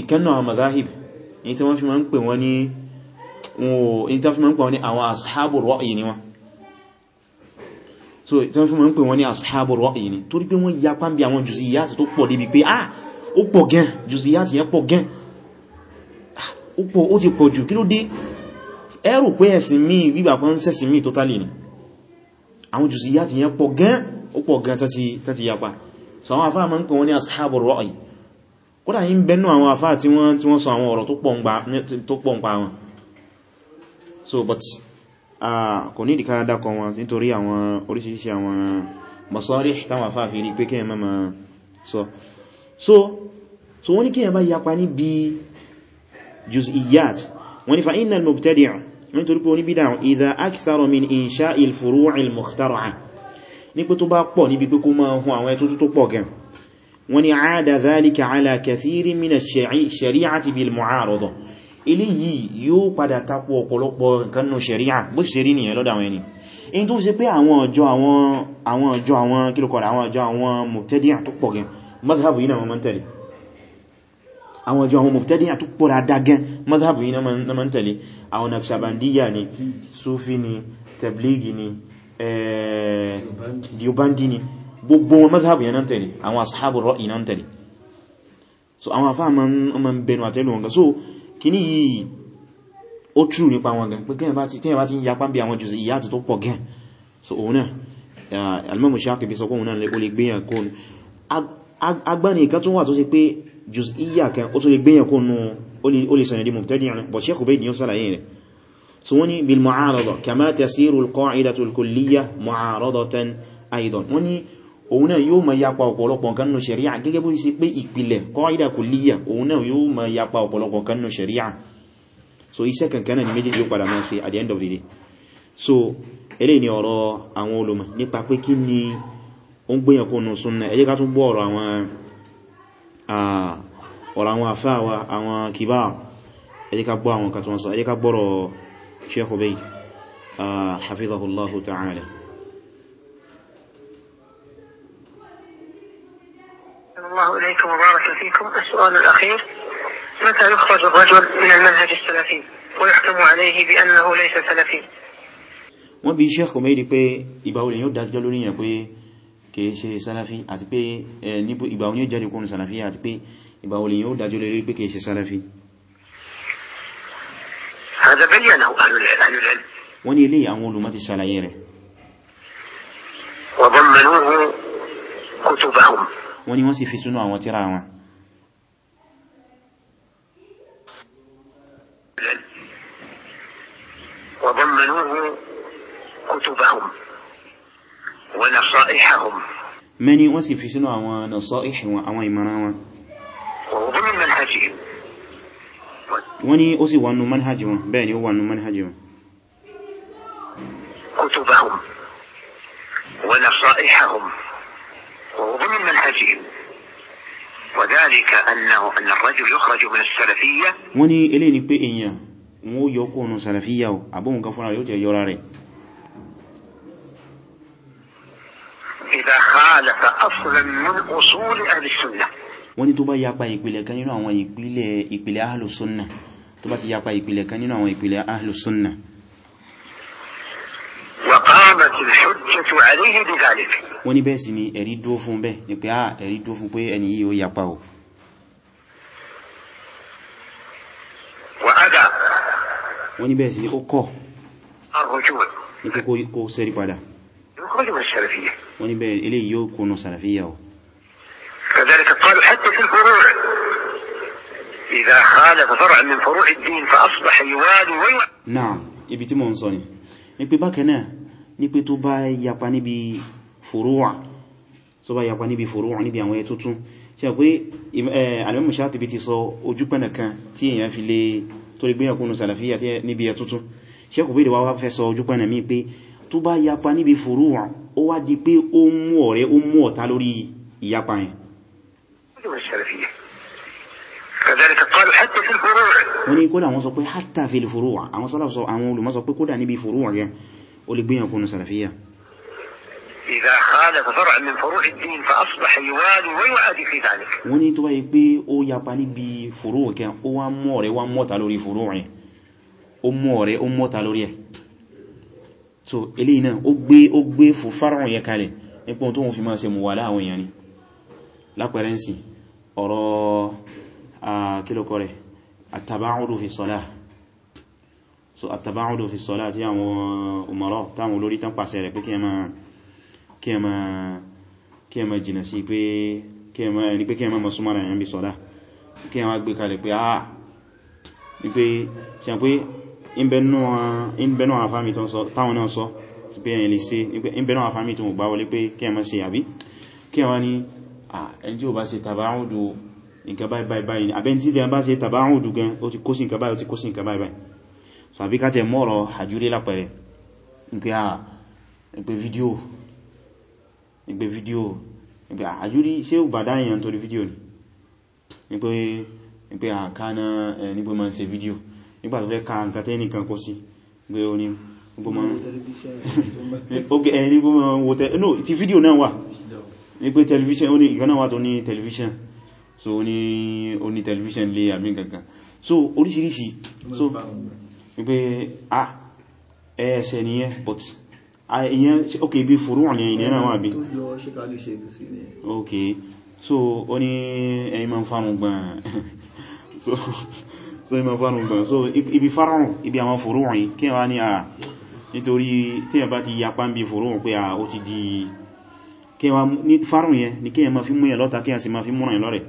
ìkẹ́nà àmàdáhìb in tí pè wọ́n ní ní so tí wọ́n fi ma ń pè wọ́n ní ashabu ra'yi ni torí wọ́n ó pọ̀ gan jùsíyàtì yẹn pọ̀ gan ah, ó ti pọ̀ jù kí ló dé ẹrù pé ẹ̀sìn míì wígbà kan sẹ́sìn míì totally ni àwọn jùsíyàtì yẹn pọ̀ gan ó pọ̀ gan tàti yapa so àwọn afá ma ń pè wọ́n ní ashabu ra'i kódà yí ń bẹnu àwọn afá tí wọ́n sọ àwọn ọ̀rọ̀ tó pọ̀ ń pa wọn so but kò ní ìdíká dákọ wọn nítorí àwọn oríṣiríṣi àwọn masarih táwọn afá fi rí pé kí sọ so, so so wọ́n ní kí yẹn bá yapa ní bí juz'iyat wọ́n ní fa innal mubtadi'a wọ́n torí pé oníbídà idha akthara min insha'i al-furu'i al-mukhtara'a ní pé tó bá pọ̀ níbi pé kó máa hun àwọn ẹ̀tútù tó pọ̀ gan wọ́n ní aada dhalika ala kathirin min ash-shari'ati bil mu'arada ilé yìí yóò padà tapo ọ̀pọ̀lọpọ̀ nǹkan nù ṣẹ̀ríà bó sì rí nìyẹn lọ́dọ̀ àwọn ẹni in tó fi ṣe pé àwọn ọjọ́ àwọn ọjọ́ àwọn kílùkọ̀ọ̀lá àwọn ọjọ́ àwọn mubtadi'a tó pọ̀ gan mazhabu yìí náà wọ́n tẹ̀lé àwọn ọjọ́ àwọn mubtadi'a tó pọ̀ dáadáa gan mazhabu yìí náà wọ́n tẹ̀lé àwọn Naqshbandiya ni Sufi ni Tabligi ni Diobandi eh, ni gbogbo wọn mazhabu yìí náà tẹ̀lé àwọn so àwọn afá ma ń bẹnu wọn gan so kìní yìí ó trú nípa wọn gan pé kí ẹ̀yàn bá ti ń so òun náà eh, Al-Imam Shatibi sọ pé òun agbáni ìkan tún wà tó ṣe pé jùs iya kan ó tó lè gbéyàn kó nù ó lè sọ̀yàn di mubtadi'an bọ̀ Sheikh Ubayd ni ó sàlàyé rẹ̀ so wọ́n ni bil mu'arada kama tasiru al-qa'idatu al-kulliyya mu'aradatan aidan wọ́n ni òun náà yóò ma yapa ọ̀pọ̀lọpọ̀ nǹkan nù sharia gẹ́gẹ́ bó ṣe pé ìpìlẹ̀ qa'ida kulliyya òun náà yóò ma yapa ọ̀pọ̀lọpọ̀ nǹkan nù sharia so iṣẹ́ kankan náà ni méjì yóò padà máa ṣe at the end of the day so eléyìí ni ọ̀rọ̀ àwọn olùmọ̀ nípa pé kí ó ń gbéyàn kó nù súnnà ẹ jẹ́ ká tún gbọ́ ọ̀rọ̀ àwọn ọ̀rọ̀ àwọn àfáàwà àwọn kìbá ẹ jẹ́ ká gbọ́ àwọn kàtọ́ wọn sọ ẹ jẹ́ ká gbọ́rọ̀ Sheikh Ubayd hafizahullahu ta'ala wọ́n bí Sheikh pé ìbáwò yóò dájọ́ lórí yẹn pé kìí ṣe sálàfí àti pé níbo ìgbà wọn yóò jáde kún sálàfí àti pé ìgbà wọn yóò dájọ́ lórí pé kìí ṣe sálàfí wọ́n ní ilé àwọn olùmọ̀ ti ṣàlàyé rẹ̀ wọ́n ní wọ́n sì fi sínú àwọn tírà wọn وضمنوه كتبهم wa nasaihahum mẹ́ni wọ́n sì fi sínú àwọn nasaih wọn àwọn ìmọ̀ràn wọn wọ́n ní ó sì wọnú manhajì wọn bẹ́ẹ̀ ni ó wọnú manhajì wọn kutubahum wa nasaihahum وهو ضمن منهجهم وذلك أنه أن الرجل يخرج من السلفية wọ́n ní eléyìí ni pé èèyàn wọ́n yọ kó nù sàlàfíyà àbóhùn kan fúnra yóò tẹ̀ yọ́ra rẹ̀ khalafa aslan min usuli ahli sunnah wọ́n ní tó bá yapa ìpìlẹ̀ kan nínú àwọn ìpìlẹ̀ ìpìlẹ̀ ahlu sunnah tó bá ti yapa ìpìlẹ̀ kan nínú àwọn ìpìlẹ̀ ahlu wọ́n ní bẹ́ẹ̀ sì ni ẹ̀rí dúó fún bẹ́ẹ̀ ni pé ah ẹ̀rí dúó fún pé ẹni yìí wọ́n ní bẹ́ẹ̀ eléyìí yóò kúnnù sàràfíyà o كذلك قالوا حتى في الفروع إذا خالف فرع من نعم ibi tí mo ń sọ ni ní pé bákan náà ní pé tó bá yapa níbi fòróà tó bá yapa níbi fòróà níbi àwọn ẹ̀tútún ṣe pé alẹ́mù sáàtìbí ti sọ ojú pẹ́nà kan tí èyàn fi lè tó lè gbéyàn kúnnù sàlàfíyà níbi ẹ̀tútún ṣe kò bí ìdíwá wá fẹ́ sọ ojú mí pé tó bá yapa níbi fòróà ó wá di pé ó mú ọ̀rẹ́ ó mú ọ̀tá lórí ìyapa yẹn wọ́n ní kódà wọ́n sọ pé hátà fi lè fòrò àwọn sálàfí sọ àwọn olùmọ́ sọ pé kódà níbi fòrò wà gẹn ó lè gbìyànkú ní sàlàfíyà wọ́n ní tó bá yí pé ó yapa níbi fòrò kẹ ó wá mọ́ ọ̀rẹ́ wá mọ́ta lórí fòrò rẹ̀ so eléyìí náà ó gbé ó gbé fún fárán yẹ kalẹ̀ nípa tó wọ́n fi máa ṣe mùwàlá àwọn èèyàn ni lápẹẹrẹ ń sì ọ̀rọ̀ kílòkọ rẹ̀ àtàbáhùdù fi sọ́lá so àtàbáhùdù fi sọ́lá tí àwọn òmọ̀rọ̀ táwọn olórí tán pàṣẹ rẹ̀ pé kí ẹ má jìnà sí pé kí ẹ má mọ̀ súnmọ́ra èèyàn bí sọ́lá kí ẹ má gbé kalẹ̀ pé ah ni pé ìbẹ̀nú àfáàmì táwọn náà sọ ti pé ẹ̀yìn lè ṣe ìbẹ̀nú àfáàmì tí mo gbá wọlé pé kí ẹ má ṣe àbí kí ẹ wá ní ẹni tí ó bá ṣe tàbáhùdù nǹkan báyìí báyìí ni àbẹ́ tí tẹ́ bá ṣe tàbáhùdù gan ó ti kó sí nǹkan báyìí ó ti kó sí nǹkan báyìí so àbí ká tẹ mọ́rọ̀ àjúrí lápẹẹrẹ nípe à nípe fídíò nípe fídíò nípe àjúrí ṣé ò bàdá èèyàn torí fídíò ni nípe àkáná nípe ma ń ṣe fídíò nígbà tó fẹ́ ka nǹkan tẹ́ nìkan kó sí gbé o ní gbọmọ oké ẹni gbọmọ wo tẹ́ no ti fídíò náà wà ní pé tẹlifíṣàn oní ìkan náà wà tó ní tẹlifíṣàn so oní oní tẹlifíṣàn lé àmì kankan so oríṣiríṣi so wípé ah ẹ̀ẹ́sẹ̀ but ìyẹn ok bí fòrò wọn yẹn ìyẹn náà wà bí ok so ó ní ẹ̀yìn ma ń so so ima fánù gbọ́n so ibi fárún ibi àwọn fòróhùn kí wá ní à ah, nítorí tí ẹ bá ti yapa ń bí fòróhùn pé à ah, ó ti di fárún yẹn ni kí ẹ ma fi múyẹ lọ́ta kí ẹ sì ma fi múràn lọ́rẹ̀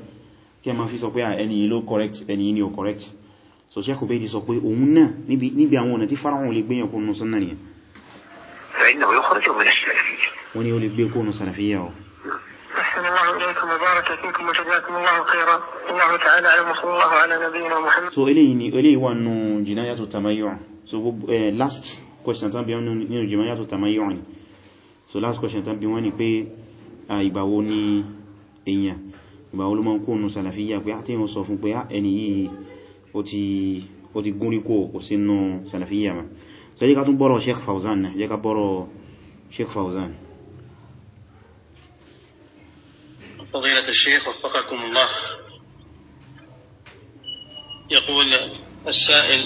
kí ẹ ma fi sọ pé à ah, ẹni ló correct eni ni ò correct so ṣẹ́kù bẹ́ẹ̀dì sọ pé òun náà níbi àwọn ọ̀nà tí fárún lè gbéyàn kónú sunnah nìyẹn wọ́n ni ó lè gbé kónú salafiyya o أحسن الله إليكم وبارك فيكم وجزاكم الله خيرا الله تعالى أعلم وصلى الله على نبينا محمد so إليه إليه وأنه جناية التميع so uh, last question tán جنايات wọ́n nínú jìmáyà tó tàmáyà wọ́n ni so last question tán bí wọ́n ni pé ìgbàwo ni èyàn ìgbàwo ló mọ́ kó nù sàlàfíyà pé ah, àti yíò sọ fún pé ah, ẹni yìí ó ti gún ríkò kò sínú sàlàfíyà ma so jẹ́ tún bọ́rọ̀ Sheikh fauzan náà jẹ́ ká bọ́rọ̀ Sheikh Fawzan فضيلة الشيخ وفقكم الله يقول السائل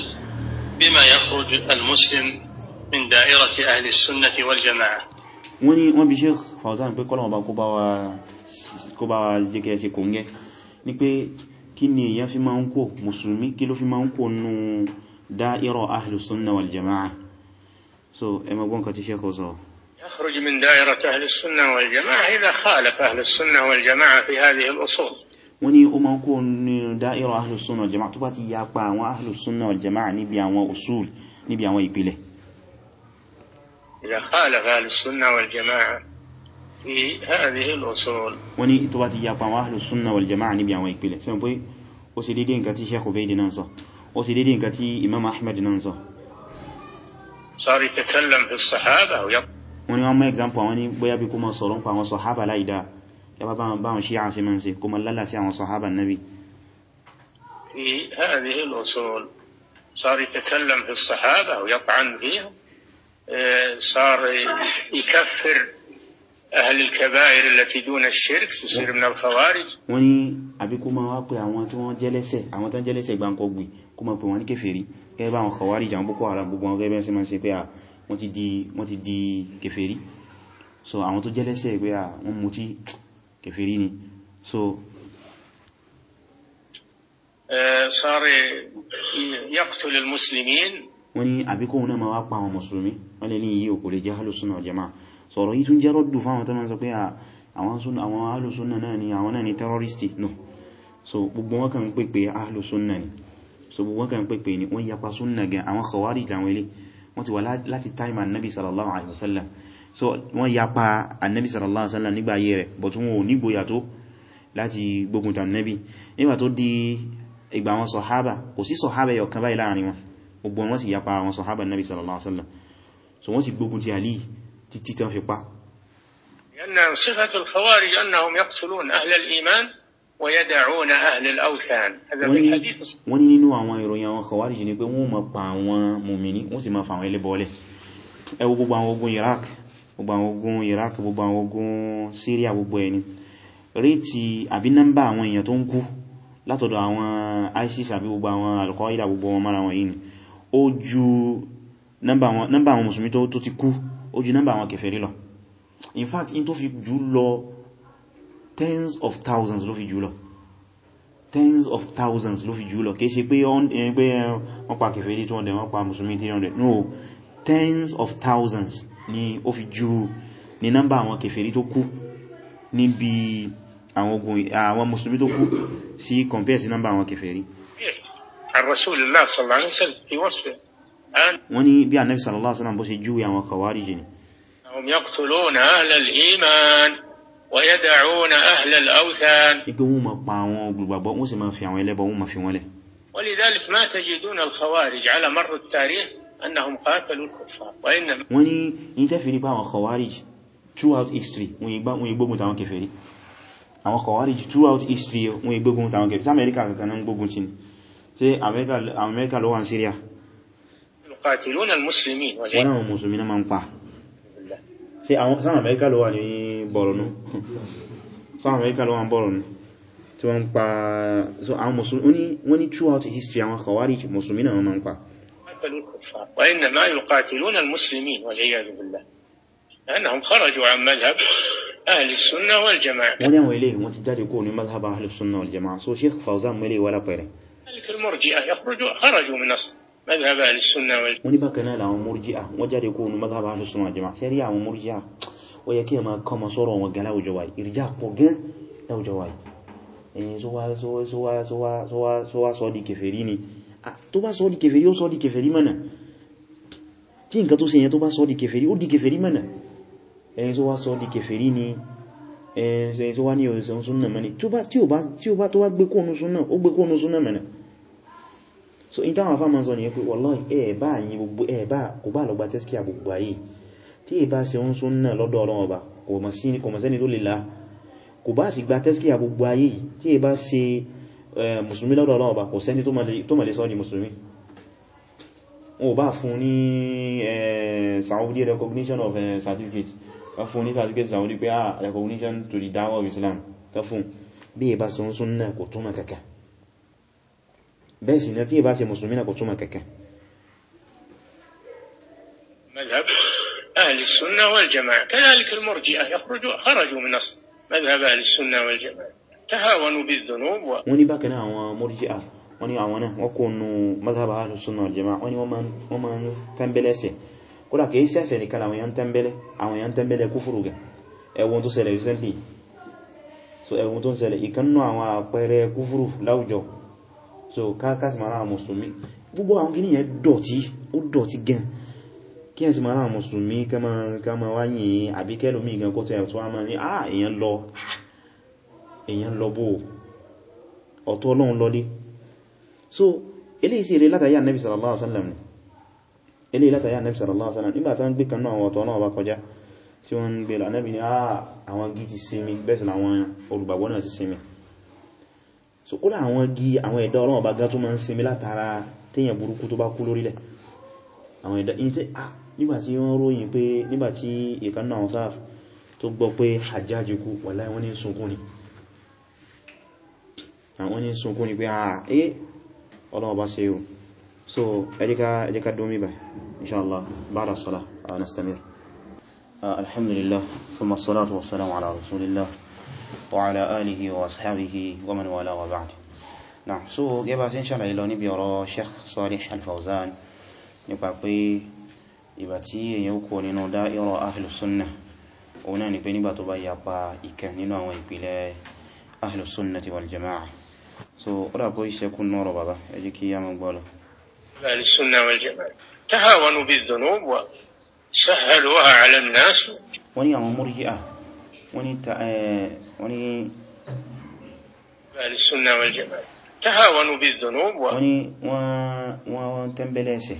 بما يخرج المسلم من دائرة أهل السنة والجماعة wọ́n ní wọ́n bí Sheikh Fawzan pé kọ́lọ̀wọ́ bá kó bá wà jẹ́ kẹ́ ṣe kò ń gẹ́ ní pé kí ni èyàn fi máa ń kó mùsùlùmí kí ló fi máa ń kó nú da'ira ahlu sunna wal jama'a so ẹmọgbọ́n kan tí Sheikh sọ يخرج من دائرة أهل السنة والجماعة إذا خالف أهل السنة والجماعة في هذه الأصول wọ́n ní ó máa ń kó nínú dáírọ̀ ahlùsúnnà ọ̀jẹ̀má tó bá ti ya pa àwọn ahlùsúnnà ọ̀jẹ̀má níbi àwọn usul níbi àwọn ìpìlẹ̀. إذا خالف أهل السنة والجماعة في هذه الأصول wọ́n ní tó bá ti ya pa àwọn ahlùsúnnà ọ̀jẹ̀má níbi àwọn ìpìlẹ̀ fẹ́ pé ó sì dédé nǹkan tí Sheikh Ubaid náà sọ ó sì dédé nǹkan tí Imam Ahmad náà sọ. صار يتكلم في الصحابة ويطلع wọ́n ni wọ́n mọ́ example àwọn ní bóyá bí kó mọ́ sọ̀rọ̀ nípa àwọn sọ̀hábà láìdá ya bá báwọn ṣí àṣí mọ́ sí kó mọ́ lálà sí àwọn sọ̀hábà nabi wọ́n ní àbí kó máa wá pé àwọn tí wọ́n jẹ́lẹ́sẹ̀ àwọn tán jẹ́lẹ́sẹ̀ gbáǹkọ́gbì kó máa pè wọ́n ní kèfèrí gẹ́gẹ́ bá àwọn khawarij àwọn gbogbo wọn sí máa ṣe pé wọ́n ti di kèfèrí so àwọn tó jẹ́lẹ́sẹ̀ pé à wọ́n mú tí kèfèrí ni so sáré yaqtul al-muslimin wọ́n ni àbíkóhun náà ma wá pa àwọn mùsùlùmí wọ́n lè ní iye òkò lè jẹ́ hálùsúnà jama'a sọ̀rọ̀ yìí tún jẹ́ rọ́dù fáwọn tó máa sọ pé àwọn hálùsúnà náà ni àwọn náà ni terroristi no so gbogbo wọn kàn pèpè hálùsúnà ni so gbogbo wọn kàn pèpè ni wọ́n yapa súnà gan àwọn khawarij àwọn ilé wọ́n ti wà láti time annabi sallallahu alaihi wasallam so wọ́n yapa annabi sallallahu alaihi wasallam nígbà ayé rẹ̀ but wọn ò nígboyà tó láti gbógun tàn nabi nígbà tó di ìgbà wọn sọ̀hábà kò sí sọ̀hábà yọ̀ báyìí láàrin wọn gbogbo wọn sì yapa àwọn sọ̀hábà nabi sallallahu alaihi wasallam so wọ́n sì gbógun ti Ali títí tán fi pa لأن صفة الخوارج أنهم يقتلون أهل الإيمان ويدعون أهل الأوثان هذا من حديث wọ́n ní nínú àwọn ìròyìn àwọn khawarij ni pé wọ́n ma pa àwọn mùmìní wọ́n sì ma fa àwọn ẹlẹ́bọ̀ọ́lẹ̀ ẹ wo gbogbo àwọn ogun Iraq gbogbo àwọn ogun Iraq gbogbo àwọn ogun Syria gbogbo ẹni rétí àbí nọ́mbà àwọn èèyàn tó ń kú látọ̀dọ̀ àwọn ISIS àbí gbogbo àwọn al fact in tó fi tens of thousands ló fi jùlọ tens of thousands ló fi jùlọ kìí ṣe pé eh, eh, wọ́n pa kèfèrí 200 wọ́n pa mùsùlùmí 300 no tens of thousands ni ó fi jù ní nọ́mbà àwọn kèfèrí tó kú níbi àwọn ogun àwọn mùsùlùmí tó kú sí compare sí nọ́mbà àwọn kèfèrí wọ́n ní bí Ànábì sallallahu alaihi wasallam bó ṣe jù àwọn khawarij ni ويدعون أهل الأوثان ولذلك ما تجدون الخوارج على مر التاريخ أنهم قاتلوا الكفار وإنما وني ينتفري بها الخوارج throughout history wọ́n igbógun tàwọn kèfèrí àwọn kọwàríj throughout history wọ́n igbógun tàwọn kèfèrí sí amẹ́ríkà kankan náà gbógun tí ni tí amẹ́ríkà ló syria wọ́n àwọn musulmi náà ma ń sí àwọn amẹ́ríkà ló wà ní bọ̀rọ̀nú sáwọn amẹ́ríkà ló wà ní bọ̀rọ̀nú tí wọ́n ń pa so àwọn mùsùlùmí wọ́n ní throughout history àwọn khawarij mùsùlùmí náà wọ́n ma ń pa وإنما يقاتلون المسلمين والعياذ بالله لأنهم خرجوا عن مذهب أهل السنة والجماعة wọ́n yàwó ilé wọ́n ti jáde kó ní mazhab ahli sunna wal jama'a so sheikh Fawzan mẹ́lẹ̀ wà lápẹẹrẹ يخرجوا خرجوا من أصل madhhaba al-sunnah wal wọ́n ní bákan náà làwọn murji'a wọ́n jáde kó nu madhhaba al-sunnah wal jama'a sẹ́rí àwọn murji'a ó yẹ kí ẹ máa kọ́ ma sọ́rọ̀ wọn gan láwùjọ wáyé ìrìjá pọ̀ gan láwùjọ wáyé ẹ̀yìn sọ́wá sọ́ di kèfèrí ni tó bá sọ́ di kèfèrí ó sọ́ di kèfèrí mọ́nà tí nǹkan tó ṣe yẹn tó bá sọ́ di kèfèrí ó di kèfèrí mọ́nà ẹ̀yìn sọ́wá so in táwọn afá mọ́sán ní pé wallahi ẹ̀ẹ̀bá eh, yìí gbogbo ẹ̀ẹ̀bá eh, kò bá lọ gba tẹ́síkíà gbogbo ayé tí ìbá ṣe ń sún náà lọ́dọ̀ Ọlọ́run kò mọ̀ sẹ́ni tó la kò bá sì gba tẹ́síkíà gbogbo ayé tí ìbá ṣe eh, mùsùlùmí lọ́dọ̀ Ọlọ́run Ọba kò sẹ́ni tó lè sọ recognition of certificate ká certificate Saudi pé ah, recognition to the Islam ká fún bí ìbá ṣe ń sún bẹ́ẹ̀ sì náà tí ìbá ṣe mùsùlùmí náà kò túnmọ̀ kẹ̀kẹ́ مذهب أهل السنة والجماعة كذلك المرجئة يخرجوا خرجوا من أصل مذهب أهل السنة والجماعة تهاونوا بالذنوب و... wọ́n ní bákan náà àwọn murji'a wọ́n ní àwọn náà wọ́n kò nù mazhab ahlu sunna wal jamaa wọ́n ní wọ́n máa ń tẹ́mbẹ̀lẹ̀ ẹ̀ṣẹ̀ kódà kìí sí ẹ̀ṣẹ̀ nìkan àwọn èèyàn tẹ́mbẹ̀lẹ̀ àwọn èèyàn tẹ́mbẹ̀lẹ̀ kúfùrù gẹ̀ ẹwọ́n tó ṣẹlẹ̀ recently so ẹwọ́n tó ṣẹlẹ̀ ìkannú àwọn àpẹẹrẹ kúfùrù láwùjọ so káàkiri mara àwọn mùsùlùmí gbogbo àwọn kìíní yẹn dọ̀tí ó dọ̀tí gan kí ẹ̀sì mara àwọn mùsùlùmí ká ma wá yìnyìn àbí kẹ́lòmí gan kó tẹ̀ tó wá ní àà èyàn lọ èyàn lọ bó ọ̀tọ̀ ọlọ́run lọlé so eléyìí sí ilé látàrí ànábì sallallahu alaihi wasallam ilé látàrí ànábì sallallahu alaihi wasallam nígbàtà ń gbé kanú àwọn ọ̀tọ̀ náà bá kọjá tí wọ́n ń gbé ànábì ní àwọn gí náà so kódà àwọn igi àwọn ẹ̀dá Ọlọ́run ọba gan tó máa ń sinmi látara téèyàn burúkú tó bá kú lórílẹ̀ àwọn ẹ̀dá in tẹ́ ah nígbàtí wọ́n ròyìn pé nígbàtí ìkanú àwọn sáàf tó gbọ́ pé Hajjaji kú wàláhì wọ́n ní sunkún ni àwọn ah, ní sunkún ni pé ah eh Ọlọ́run ọba ṣe o so ẹjíká ẹjíká وعلى آله وأصحابه ومن والاه وبعد نعم so gẹ́bà sí ń ṣàlàyé lọ níbi ọ̀rọ̀ Sheikh Salih Al-Fawzan nípa pé ìgbà tí èyàn kò nínú da'ira Ahlus Sunnah òun náà ni pé nígbà tó bá yapa ìkẹ nínú àwọn ìpìlẹ̀ Ahlus Sunnah wal Jama'ah so ó dà Eh, wọ́n ní wọ́n ní wọ́n tẹ́m̀bẹ̀lẹ̀ ẹ̀ṣẹ̀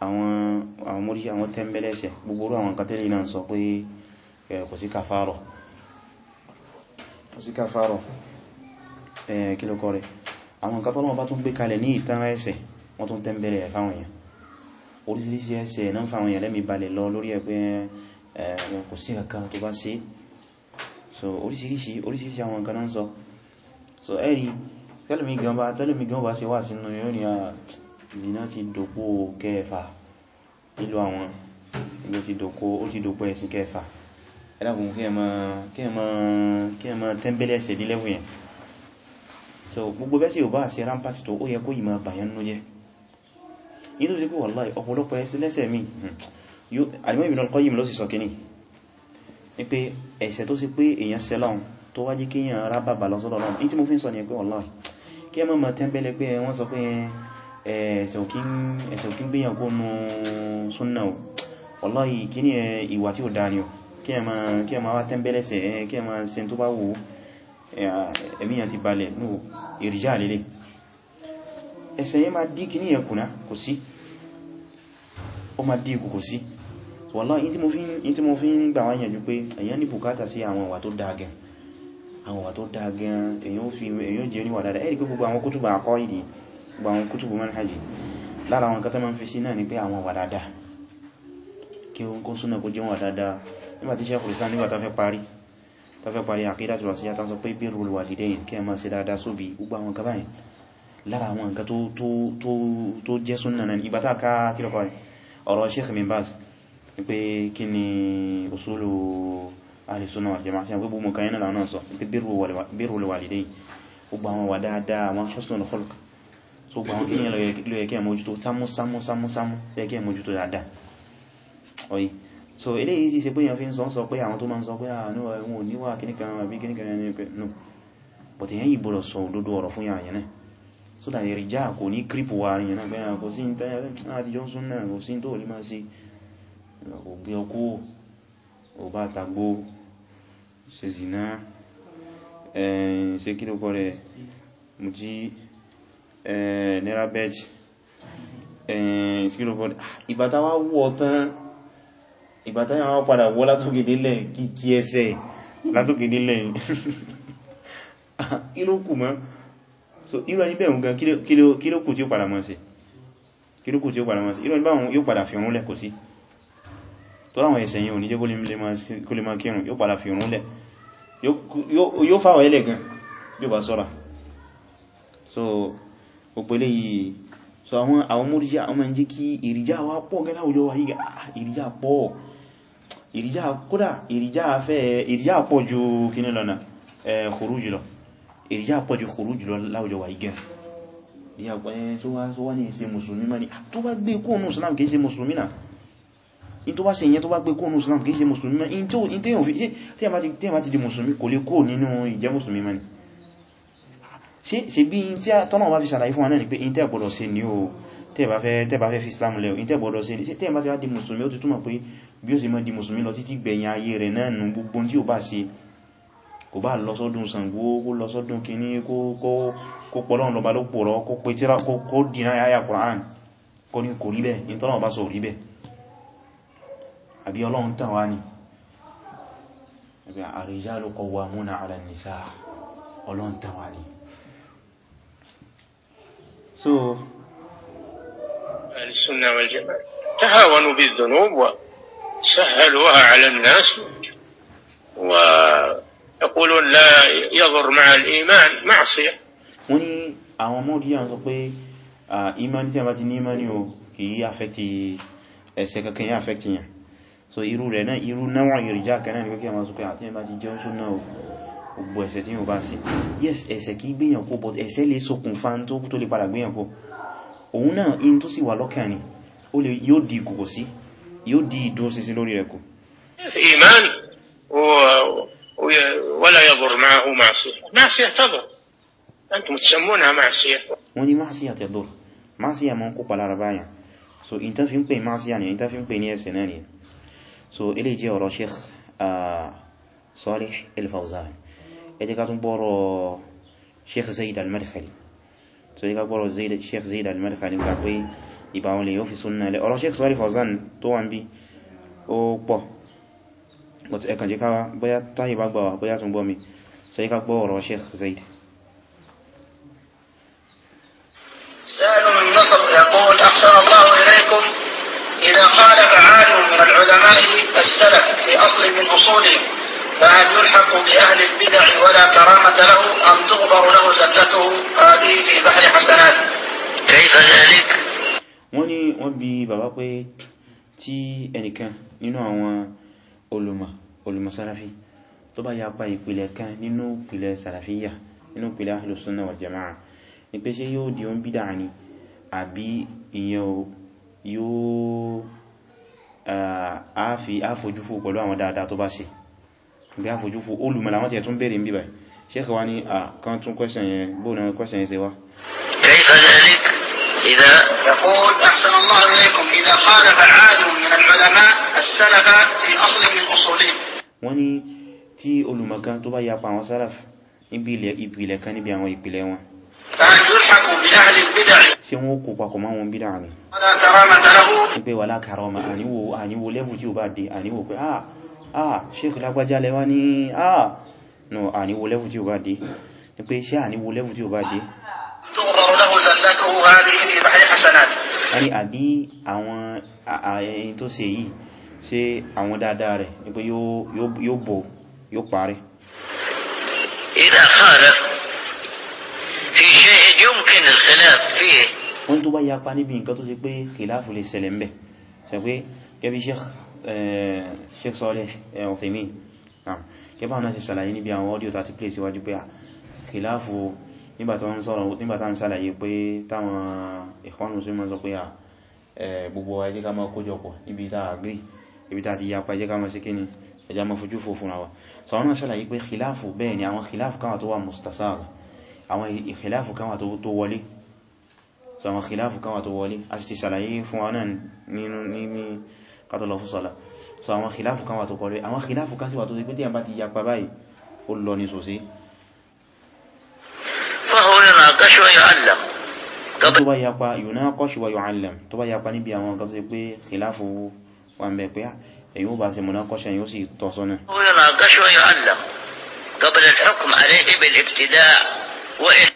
àwọn mórí àwọn tẹ́m̀bẹ̀lẹ̀ ẹ̀ṣẹ̀ gbogbo àwọn katẹ́lì náà sọ pé eh, kò sí kàfàrọ̀ kò sí kàfàrọ̀ eh, kílùkọ́ rẹ̀ àwọn katọ́lọ́wọ́ bá tún gbé kalẹ̀ ní ìtàn ẹ̀ṣẹ̀ wọ́n tún tẹ́m̀bẹ̀lẹ̀ fáwọn èèyàn orísìírísìí ẹ̀ṣẹ̀ náà fáwọn èèyàn lẹ́mìí balẹ̀ lọ lórí ẹgbẹ́ wọn kò sí kankan tó bá ṣe so oríṣiríṣi oríṣiríṣi àwọn nǹkan náà sọ so ẹ̀rí tẹ́lùmí gan bá ṣe wà sínú yóò ní ìzìná ti dòpó kẹfà nílò àwọn ìlò ti dòpó ó ti dòpó ẹ̀sìn kẹfà ẹ̀dàkùn kí ẹ mọ́ tẹ́mbẹ̀lẹ̀ ẹ̀sẹ̀ nílẹ̀wò yẹn so gbogbo bẹ́sẹ̀ ò bá ṣe rámpàtì tó ó yẹ kó ìmọ̀ bàyán ló jẹ́ nítorí pé wàláì ọ̀pọ̀lọpọ̀ mi Al-Imam Ibn al-Qayyim ló sì sọ kíní ní pé ẹ̀ṣẹ̀ tó sì pé èyàn ṣe lọ́hun tó wájí kí èyàn rá bàbà lọ́sọ́lọ́ náà in tí mo fi ń sọ ní ẹgbẹ́ wallahi kí ẹ mọ́ mọ̀ tẹ́m̀bẹ̀lẹ̀ pé wọ́n sọ pé ẹ̀ṣẹ̀ òkín gbìyàn kó nù súnnà wallahi kí ní ìwà tí ma wá tẹ́m̀bẹ̀lẹ̀ sẹ̀ wọ́nà yí tí mo fi ń gbà wáyẹ̀ jù pé èyàn ní bùkátà sí àwọn ìwà tó dáa gan àwọn ìwà tó dáa gan èyàn ó fi èyàn jẹ́ oníwà dáadáa ẹ̀rí pé gbogbo àwọn kútùbù àkọ́ ìdí gbogbo àwọn kútùbù manhajì lára àwọn kátà ma ń fi sí náà ni pé àwọn ìwà dáadáa kí o ń kó súnà kó jẹ́ wà dáadáa nígbà tí sẹ́kù islam nígbà tafẹ́ parí tafẹ́ parí àkídà tó lọ́sí yàtọ̀ sọ pé birrul walidayn kí ẹ máa ṣe dáadáa sóbi gbogbo àwọn nǹkan báyìí lára àwọn nǹkan tó jẹ́ súnà náà ìbátá ká kílọ̀kọ́ ọ̀rọ̀ Sheikh Bin pé kí ni usulu ahli sunnah wal jama'ah àti gbogbo mọ̀kan yẹn lọ́nà sọ pé birrul walidayn gbogbo àwọn wà dáadáa àwọn husnul khuluq so gbogbo àwọn kíyàn lọ yẹ kí ẹ mójútó sámú sámú sámú sámú yẹ kí ẹ mójútó dáadáa ọ̀yí so eléyìí sì ṣe pé èyàn fi ń sọ sọ pé àwọn tó máa ń sọ pé àwọn ah, ẹ̀wọ̀n oníwà kíníkan àbí kíníkan ẹni pé so that èrìjá kò ní kírípù wa yẹn náà pé àkọsí ah, ìtẹ́yà àti jọ́nsún náà kò gbé ọkú ò bá tagbó ṣe zìná ṣe kí ló kọ́ rẹ̀ mú jí náírà bẹ́ẹ̀jì ìsìnkú fọ́n ìbátá wá wọ́ tán ìbátá yà wọ́n padà wọ́ látòkèdélẹ̀ kíkí ẹsẹ̀ látòkèdélẹ̀ so irú ẹni bẹ̀rún gan kílókù tí ó padà mọ́ sí irú ẹni báwọn yóò padà fi ọ̀rún tó ráwọn ẹsẹ̀ yìí ò ní jẹ́ kó lè máa kírùn yóò padà fi rúnlẹ̀ yóò fàwọ̀ ilẹ̀ gan yóò bá sọ́ra so òpèlé yìí so àwọn àwọn múríjá ọmọ ń jẹ́ kí ìrìjá wá pọ̀ gẹ́nà òjò wáyé ìrìjá pọ̀ ìrìjá kódà ìrìjá ju kíní lọ́nà ẹ̀kùrú jùlọ ìrìjá pọ̀ ju kùrú jùlọ láwùjọ wáyé gẹ́ ìyàpọ̀ ẹ̀ tó wá ni tó bá gbé kóònù islam kìí ṣe in tó bá ṣe ìyẹn tó bá gbé kó nù islam kìí ṣe musulmi mẹ́ in tí yíò fi ṣe tí yà bá ti di musulmi kò lè kó nínú ìjẹ́ musulmi mẹ́ni ṣe bí in tí tọ́nà bá fi sàlàyé fún wa náà ni pé in tẹ́ gbọ́dọ̀ ṣe ní o tẹ́ bá fẹ́ fi islam lẹ́ o in tẹ́ gbọ́dọ̀ ṣe ní ṣe tẹ́ bá ti wá di musulmi ó ti túmọ̀ pé bí ó ṣe mọ́ di musulmi lọ títí gbẹ̀yìn ayé rẹ̀ náà nù gbogbo tí ó bá ṣe kò bá lọ sọ́dún Ṣàngó kó lọ sọ́dún kíní kó pọ̀lọ́n lọ bá ló pòrọ kó pé tíra kó dínà ayà Kùránì kó ní kò rí bẹ́ẹ̀ ìtọ́nà bá sọ rí bẹ́ẹ̀ àbí ọlọ́run tàn wá ní ẹgbẹ́ ar-rijalu qawwamuna 'ala an-nisaa ọlọ́run tàn wá ní so al-sunnah wal jama'ah tahawanu bidh-dhunub wa سهلوها على الناس ويقولون لا يضر مع الإيمان معصية wọ́n ní àwọn mọ́díyà sọ pé ìmánì tí a bá ti ní ìmánì o kìí affect ẹ̀ṣẹ̀ kankan yá affect yàn so irú rẹ̀ náà irú náwà ìrìjá kanáà ní kókè ma sọ pé ah, àti ẹmà ti jẹun súnnà ògbò ẹ̀ṣẹ̀ tí yíò bá sí yes ẹ̀ṣẹ̀ kí gbìyàn kó but ẹ̀ṣẹ̀ lè ṣokùnfà tó tó lè padà gbìyàn kó òun náà in tó sì wà lọ́kàn ni yóò di kòkò sí yóò di ìdúró إيمان ولا يضر معه معصية معصية تضر أنتم تسمونها معصية وني معصية تضر معصية منقوبة الأربعين so in ta fi ń pè ní máa sí ẹsẹ̀ náà nìyàn so ilé jẹ́ ọ̀rọ̀ Sheikh uh, Salih al-Fawzan ẹjẹ́ká tún gbọ́rọ̀ Sheikh Zaid al-Madkhali so ẹjẹ́ká gbọ́rọ̀ Sheikh Zaid al-Madkhali gbà pé ìbá wọn lè yóò fi súnnà lẹ ọ̀rọ̀ Sheikh Salih al-Fawzan tó wà ń bí ó pọ̀ but ẹkàn jẹ́ káwà bóyá táyì bá gbà bóyá tún gbọ́ mi so ẹjẹ́ká gbọ́ ọ̀rọ̀ Sheikh Zaid سائل من مصر يقول أحسن الله إليكم إذا خالف عالم من العلماء السلف لأصل من أصولهم فهل يلحق بأهل البدع ولا كرامة له أم تغفر له زلته هذه في بحر حسنات. كيف ذلك؟ wọ́n ní wọ́n bi bàbá pé tí ẹnìkan nínú àwọn olùmọ̀ olùmọ̀ sàràfí tó bá yapa ìpìlẹ̀ kan nínú ìpìlẹ̀ sàràfíyà nínú ìpìlẹ̀ ahlus sunnah wal jamaa ni pé ṣé yóò di ohun bídà ni àbí ìyẹn yóò a fi afojúfò pẹ̀lú àwọn dáadáa tó bá se bí afojúfò olùmọ̀lá wọ́n ti ẹ̀tún bèèrè ń bíbẹ̀ ṣékà wá ní à kan tún question yẹn bóò ní question yẹn ṣe wá wọ́n ní tí olùmọ̀ kan tó bá yapa àwọn salaf ìpìlẹ̀ kan níbi àwọn ìpìlẹ̀ wọn ṣe wọ́n kó papọ̀ máwọn bídà ni pé wà lákàrà ọmọ àníwò lẹ́fù tí ó bá dé àníwò pé àà ah, ah, Sheikh lágbàjá lẹ́wà ní àà ah, no àníwò lẹ́fù tí ó bá dé ni pé ṣe àníwò lẹ́fù tí ó bá dé ani àbí àwọn ẹ̀yìn tó ṣe yìí ṣe àwọn dáadáa rẹ̀ ni pé إذا خالف في شيء يمكن الخلاف فيه wọ́n tó bá yapa níbi nǹkan tó ṣe pé khilafu lè ṣẹlẹ̀ ńbẹ̀ ṣe pé gẹ́bí Sheikh Saleh Uthaymin gẹ́bà náà ṣe ṣàlàyé níbi àwọn audio tàti play síwájú pé khilafu nígbàtà ń sọ̀rọ̀ nígbàtà ń ṣàlàyé pé táwọn Ikhwan Muslimin sọ pé gbogbo ẹ jẹ́ ká máa kójọpọ̀ ibi tá agree ibi tá ti yapa ẹ jẹ́ ká máa ṣe kíni ẹ jẹ́ máa bẹ́ẹ̀ ni àwọn khilafu káwà tó wà mustasab àwọn khilafu káwà tó wọlé so àwọn kìláàfù kan wà tó wọlé a sì ti sàlàyé fún wa náà ní kátọlọ fún sọ́lá so àwọn kìláàfù kan wà tó kọlẹ̀ àwọn kìláàfù kan sì wà tó ti pé tí a bá ti báyìí ó lọ ní sòsí tó bá yapa yunaqashu wa yu'allam tó bá yapa níbi àwọn kan sí pé kìláàfù wà ń bẹ ah, èyí ó bá ṣe munaqasha yóò sì tọ́ sọ́nà قبل الحكم عليه بالابتداء وإن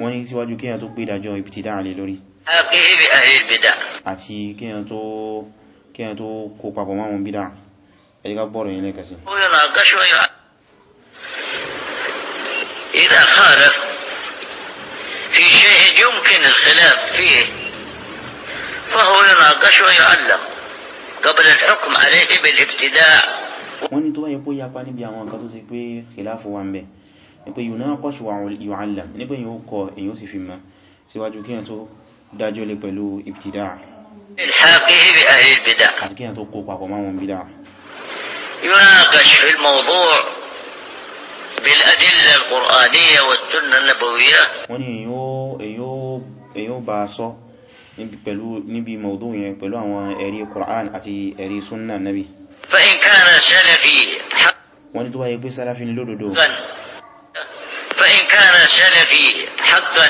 wọ́n ní síwájú kíyàn tó pé ìdájọ́ ìbìtìdá àlè lórí ah, àti kíyàn tó kó papọ̀ máwọn bídá ẹ̀díká bọ́rọ̀ yẹn lẹ́kẹsí إذا خالف في شيء يمكن الخلاف فيه فهو يناقش ويعلم قبل الحكم عليه بالابتداء wọ́n ni tó wáyé pó yapa níbi àwọn nǹkan tó ṣe pé khilafu wà ń bẹ̀ ní pé yunaqashu wa yu'allam ní pé yíò kọ èyí ó sì fi mọ́ síwájú kí ẹ tó dájọ́ lé pẹ̀lú ibtidaa àti kí ẹ tó kó papọ̀ máwọn bid'ah يناقش في الموضوع بالأدلة القرآنية والسنة النبوية wọ́n ní èyó bá sọ níbi mọ̀dún yẹn pẹ̀lú àwọn ẹ̀rí Qur'an àti ẹ̀rí súnnà nabi فإن كان سلفي wọ́n ní tó wáyé pé sálàfí ní lódòdó فإن كان سلفي حقا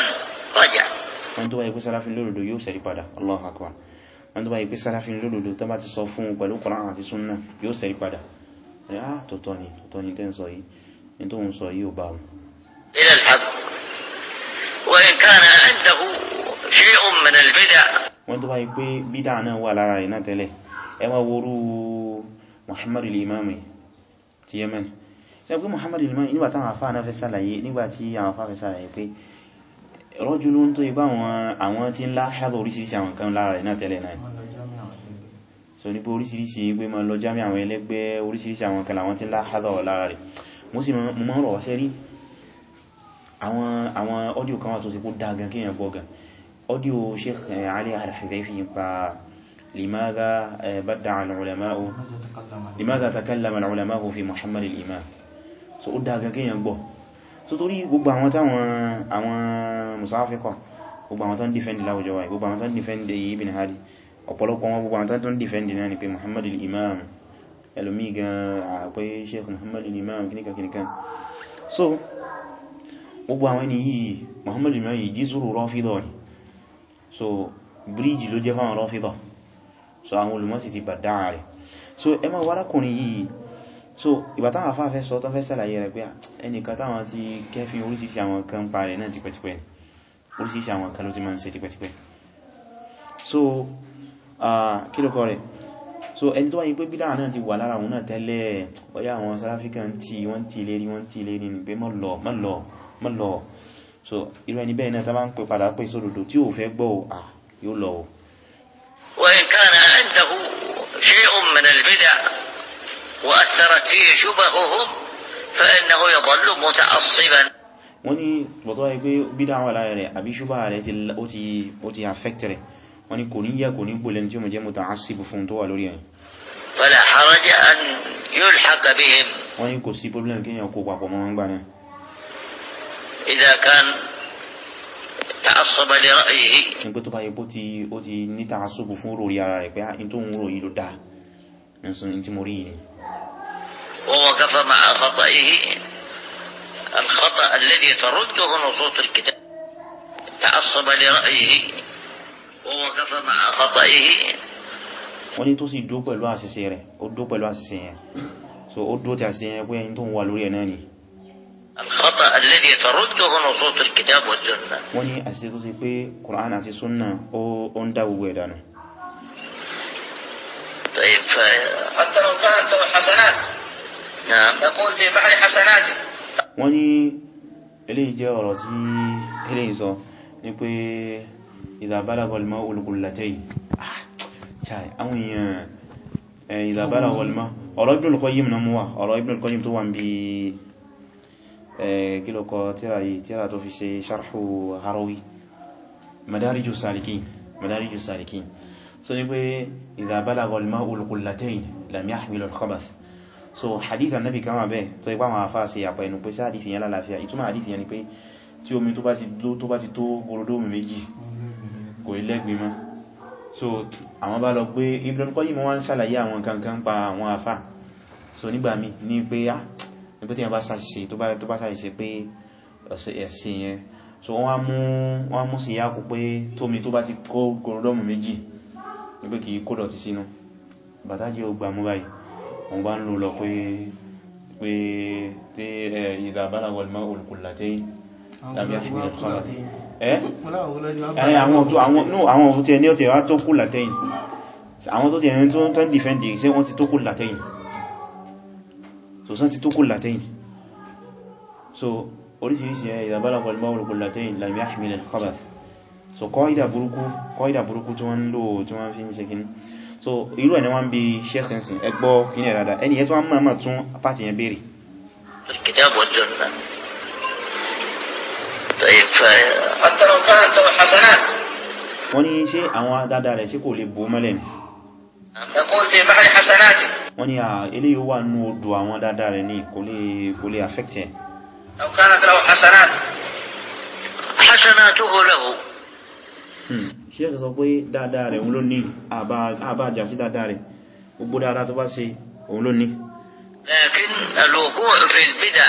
رجع wọ́n tó wáyé pé sáláfin lóòrùdó yóò sẹ̀rí padà Allahu Akbar wọ́n tó wáyé pé sáláfin lóòrùdó tó bá ti sọ fún pẹ̀lú Kùránì àti súnnà yóò sẹ̀rí padà وإن كان عنده شيء من البدع wọ́n tó wáyé pé bídà náà wà lára rẹ̀ náà tẹ́lẹ̀ ẹ ti Yemen sẹ́gbẹ́ Muhammad ilmani nígbàtí àwọn afáà náà fẹ́ sàlàyé nígbàtí àwọn afáà fẹ́ sàlàyé pé rọ́júlú ń tó ibá àwọn tí ń láhàdọ̀ oríṣiríṣi àwọn kan lára rẹ̀ náà tẹ́lẹ̀ náà so nípo oríṣiríṣi pé ma lọ jámí àwọn ẹlẹ́gbẹ́ oríṣiríṣi àwọn kan láwọn tí ń láhàdọ̀ lára rẹ̀ mo sì mọ́ rọ̀ ṣe rí àwọn ọdíò kan wà tó sì kó dágan kí èèyàn so ó dáa gẹ́gẹ́ yẹn gbọ́ so torí gbogbo àwọn táwọn àwọn musafikọ gbogbo àwọn tó ń defend láwùjọ wa gbogbo àwọn tó ń defend Ibn Hadi ọ̀pọ̀lọpọ̀ wọn gbogbo àwọn tó ń defend náà ni pé Muhammad al-Imam ẹlòmí gan àpé Sheikh Muhammad al-Imam kìníkà kìníkà so gbogbo àwọn ẹni yìí Muhammad al-Imam yìí jísùrù Rafida ni so bíríjì ló jẹ́ fáwọn Rafida so àwọn olùmọ́sí ti bàdá rẹ̀ so ẹ máa wárákùnrin yìí so ìgbà táwọn afá fẹ́ sọ tán fẹ́ sàlàyé rẹ̀ pé ah, ẹnìkan táwọn ti kẹfin oríṣiríṣi àwọn kan pa rẹ̀ náà tipẹ́tipẹ́ oríṣiríṣi àwọn kan ló ti máa ń ṣe tipẹ́tipẹ́ so kí rẹ̀ so ẹni tó wáyé pé bídá náà ti wà lára òun náà tẹ́lẹ̀ ọya àwọn sáráfíkà ń tí wọ́n tí lérí wọ́n tí lérí ní pé mọ́lọ̀ so irú ẹni bẹ́ẹ̀ náà tá bá ń pè padà pè sódòdó tí ò fẹ́ gbọ́ à ah, yóò lọ o وأثرت فيه شبههم فإنه يضل متعصبا wọ́n ní bọ̀tọ́ wáyé pé bídá wà láàrẹ rẹ̀ àbí ṣúbà rẹ̀ ó ti affect rẹ̀ wọ́n ní kò ní yẹ kò ní gbò lẹ́ni tí ó mọ̀ jẹ́ mọ̀ta àṣìbò fún tó wà lórí ẹ̀ fala haraja an yulhaq bihim wọ́n ní kò sí problem kí èèyàn kó papọ̀ mọ́ gbà rẹ̀ ah, ووقف مع خطئه الخطأ الذي ترده نصوص الكتاب تعصب لرأيه ووقف مع خطئه wọ́n ní tó sì dó pẹ̀lú àṣìṣe rẹ̀ ó dó pẹ̀lú àṣìṣe yẹn so ó dó tí àṣìṣe yẹn pé ẹni tó ń wà lórí ẹ̀ náà ni الخطأ الذي ترده نصوص الكتاب والسنة wọ́n ní àṣìṣe tó sì pé Qur'an àti sunna ó ń dá gbogbo ẹ̀dànù طيب ف... حتى لو كانت له حسنات نعم يقول في بحر حسناته wọ́n ní eléyìí jẹ́ ọ̀rọ̀ tí eléyìí sọ ní pé ìdàbálàgọlmọ́ olùkùnlàtẹ́ yìí chai àwọn èèyàn ìdàbálàgọlmọ́ eh, ọ̀rọ̀ Ibn al-Qayyim náà mú wà ọ̀rọ̀ Ibn al-Qayyim tó wà ń bí eh, kílọkọ tíra yìí tíra tó fi ṣe sharhu idha balagha al-ma'u al-qullatayn lam yahmil al so hadith annabi kan wà bẹ́ẹ̀ tó ipá wọn àfáà sí àpá ẹnu pé sí hadith yẹn lálàáfíà ìtumọ̀ hadith yẹn ni pé tí omi tó bá ti tó gorodómi méjì kò ilẹ́gbẹ̀ so àwọn bá lọ pé Ibn Qayyim wọ́n ń ṣàlàyé àwọn kankan pa àwọn so nígbà mi ní pé á ah, ní pé tí so wọ́n mú sí yá kú pé tómi tó bá ti kó gorodómi méjì ní pé kì í kódọ̀ ti sínú bàtà jẹ́ ogbà mú báyìí wọ́n bá ń lò lọ pé pé tí idha balagha al-ma'u al-qullatayn lam yahmil al-khabath àwọn òfin tí ẹni ọ̀tẹ̀ wá tó kú látẹ́yìn àwọn tó ti ẹni tó tán dìfẹ́ndì ṣe wọ́n ti tó kú látẹ́yìn so sán ti tó kú látẹ́yìn so orísìírísìí idha balagha al-ma'u al-qullatayn lam yahmil al-khabath so kọ́ídà burúkú kọ́ídà burúkú tí wọ́n ń lò tí wọ́n fi ń ṣe kíní so irú ẹni wọ́n bí ṣẹ́sẹ̀nsìn ẹgbọ́ kíní ẹ̀dàdà ẹni yẹn tó wọ́n mọ̀ tún pàtì yẹn béèrè wọ́n ní ṣe àwọn dáadáa rẹ̀ sí kò lè bó mọ́lẹ̀ ni wọ́n ní ilé yóò wà ní odò àwọn dáadáa rẹ̀ ní kò lè affect ẹ̀ ṣeéṣe sọ pé dáadáa rẹ̀ òun ló ní àbájá sí dáadáa rẹ̀ gbogbo dáadáa tó bá ṣe òun ló ní لكن الوقوع في البدع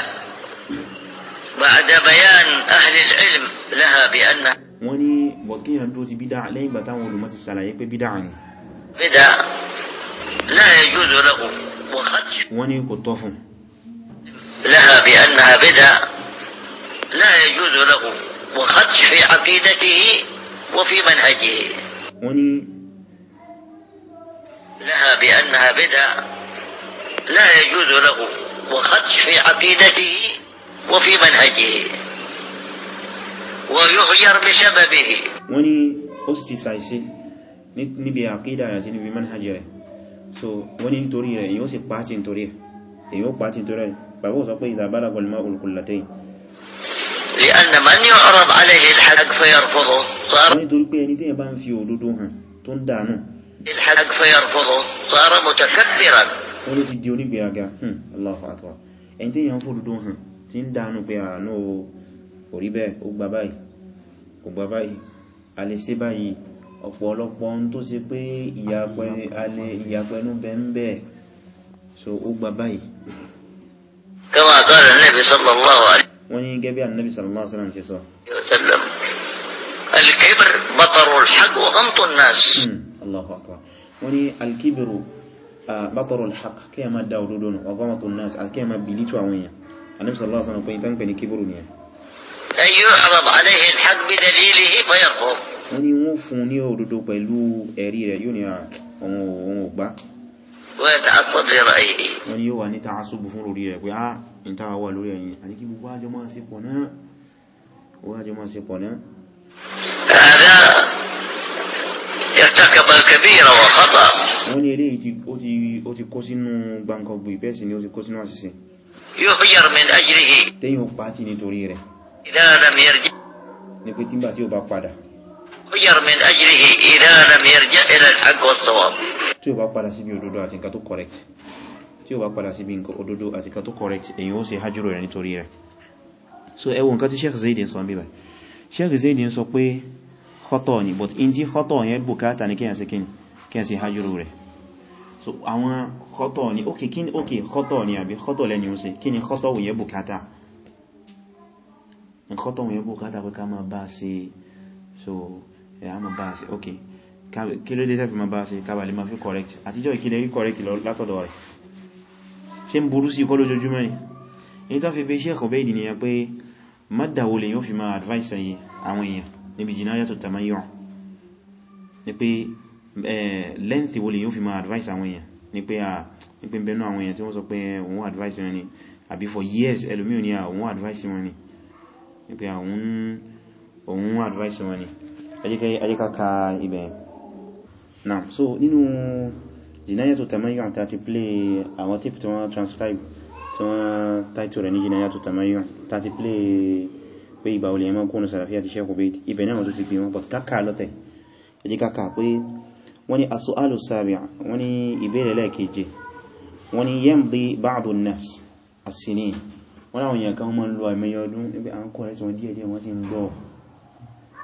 بعد بيان أهل العلم لها بأنها wọ́n ní bọ̀tíyàn dúró ti bídá lẹ́yìn bàtà àwọn olùmọ̀ ti sàlàyé pé bídá ni bídá láàá jùzọ lẹ́kùn wọ́n ní kò tọ́ fún لها بأنها بدع لا يجوز له وخدش في عقيدته وفي منهجه وني لها بأنها بدعة لا يجوز له وخدش في عقيدته وفي منهجه ويهجر بسببه وني أستي أستسايسي نبي عقيدة يعني نبي منهجه so wọ́n ní nítorí rẹ̀ èyí ó sì pàtí nítorí ẹ̀ èyí ó pàtí nítorí ẹ̀ bàbá ò sọ pé ìdàbálàgọ̀lùmọ́ olùkùnlàtẹ́yìn لأن من يعرض عليه الحق فيرفضه صار nítorí pé ẹni tẹ́yìn bá ń fi òdodo hàn tó ń dànù. الحق فيرفضه صار متكبرا. wọ́n ló ti di onígbéraga hmm, Allahu Akbar ẹni tẹ́yìn ń fòdodo hàn tí ń dànù pé àánú orí bẹ́ẹ̀ ó gbà báyìí kò gbà báyìí a lè ṣe báyìí ọ̀pọ̀lọpọ̀ ohun tó ṣe pé ìyàpẹ̀nu bẹ́ẹ̀ so ó gbà báyìí. كما قال النبي صلى الله عليه wọ́n ní gẹ́bí annabi sallallahu alaihi wasallam ṣe sọ al-kibr batarul haqq wa ghamtun nas hmm, Allahu akbar wọ́n ní al-kibru batarul haqq kí a máa dá òdodo nù wa ghamtun nas àti kí a máa bìlítù àwọn èèyàn annabi sallallahu alaihi wasallam pé ìtàn ni an yu'rad alayhi al-haqq bi dalilihi fayarfud wọ́n ní wọ́n fún ní òdodo pẹ̀lú ẹ̀rí rẹ̀ yóò ní àwọn ah, ògbá wọ́n yóò wà ní ta'asub fún orí rẹ̀ pé ah, ìntàwà wà lórí ẹ̀yìn àti kí gbogbo àjọ máa ṣe pọ̀ náà wọ́n àjọ máa ṣe pọ̀ náà hada irtakaba al-kabira wa khata wọ́n ni eléyìí o ti kó sínú gbàǹkọ̀gbù ìfẹ́sì ni o ti kó sínú àṣìṣe yuhyar min ajrihi tẹ́yìn ó pàtí nítorí rẹ̀ idha lam yarji ní pé tímbà tí ó bá padà yuhyar min ajrihi idha lam yarji ila al-haqq wa as-sawab tí ó bá padà síbi òdodo àti nǹkan tó correct tí ó bá padà síbi nǹkan òdodo àti kan correct èyàn ó ṣe hajjúrò rẹ̀ nítorí rẹ̀ so ẹ wo nǹkan tí Sheikh Zaid ń sọ bíbẹ̀ Sheikh Zaid ń sọ pé khọ́tọ̀ ni but in jí khọ́tọ̀ yẹn bùkátà ní kíyàn so àwọn khọ́tọ̀ ni ok kí ni ok khọ́tọ̀ ni àbí khọ́tọ̀ lẹ́ni ó ṣe kí ni khọ́tọ̀ yẹn bùkátà so ẹ̀ á máa bá ṣe ok kí ló dé tẹ́fì máa bá ṣe kábàlì máa fi correct àtijọ́ ìkílẹ̀ rí correct látọ̀dọ̀ rẹ̀ ṣe ń burú sí kọ́ lójoojúmọ́ ni èyí tán fi bí Sheikh Ubaid nìyàn pé mọ́dàwó lè yóò fi máa advice ẹ̀yẹ àwọn èèyàn níbi jinayatu tamayyun ni pé length wo lè yóò fi máa advice àwọn èèyàn ni pé a ni pé bẹnu àwọn èèyàn tí wọ́n sọ pé òun advice wọn ni àbí for years ẹlòmíì ní àwọn advice wọn ni ni pé àwọn òun advice wọn ni ajẹ́kẹ́ka ibẹ̀ náà so nínú jinayatu tamayyun ta ti play àwọn tip tí wọ́n transcribe tí wọ́n title rẹ̀ ní jinayatu tamayyun ta ti play pé ìgbà olè ẹmọ́ kónù sàràfíà ti Sheikh Ubaid ibẹ̀ náà tó ti pè wọ́n but káàkà lọ́tẹ̀ ẹjí káàkà pé wọ́n ni as-su'alu as-sabi' wọ́n ni ìbéèrè lẹ́ẹ̀keje wọ́n ni yamdi ba'du an-nas as-sinin wọ́n láwọn èèyàn kan máa ń lo àìmẹ́yọ ọdún ẹgbẹ́ à ń kọ́ rẹ̀tí wọn díẹ̀díẹ̀ wọ́n sì ń gbọ́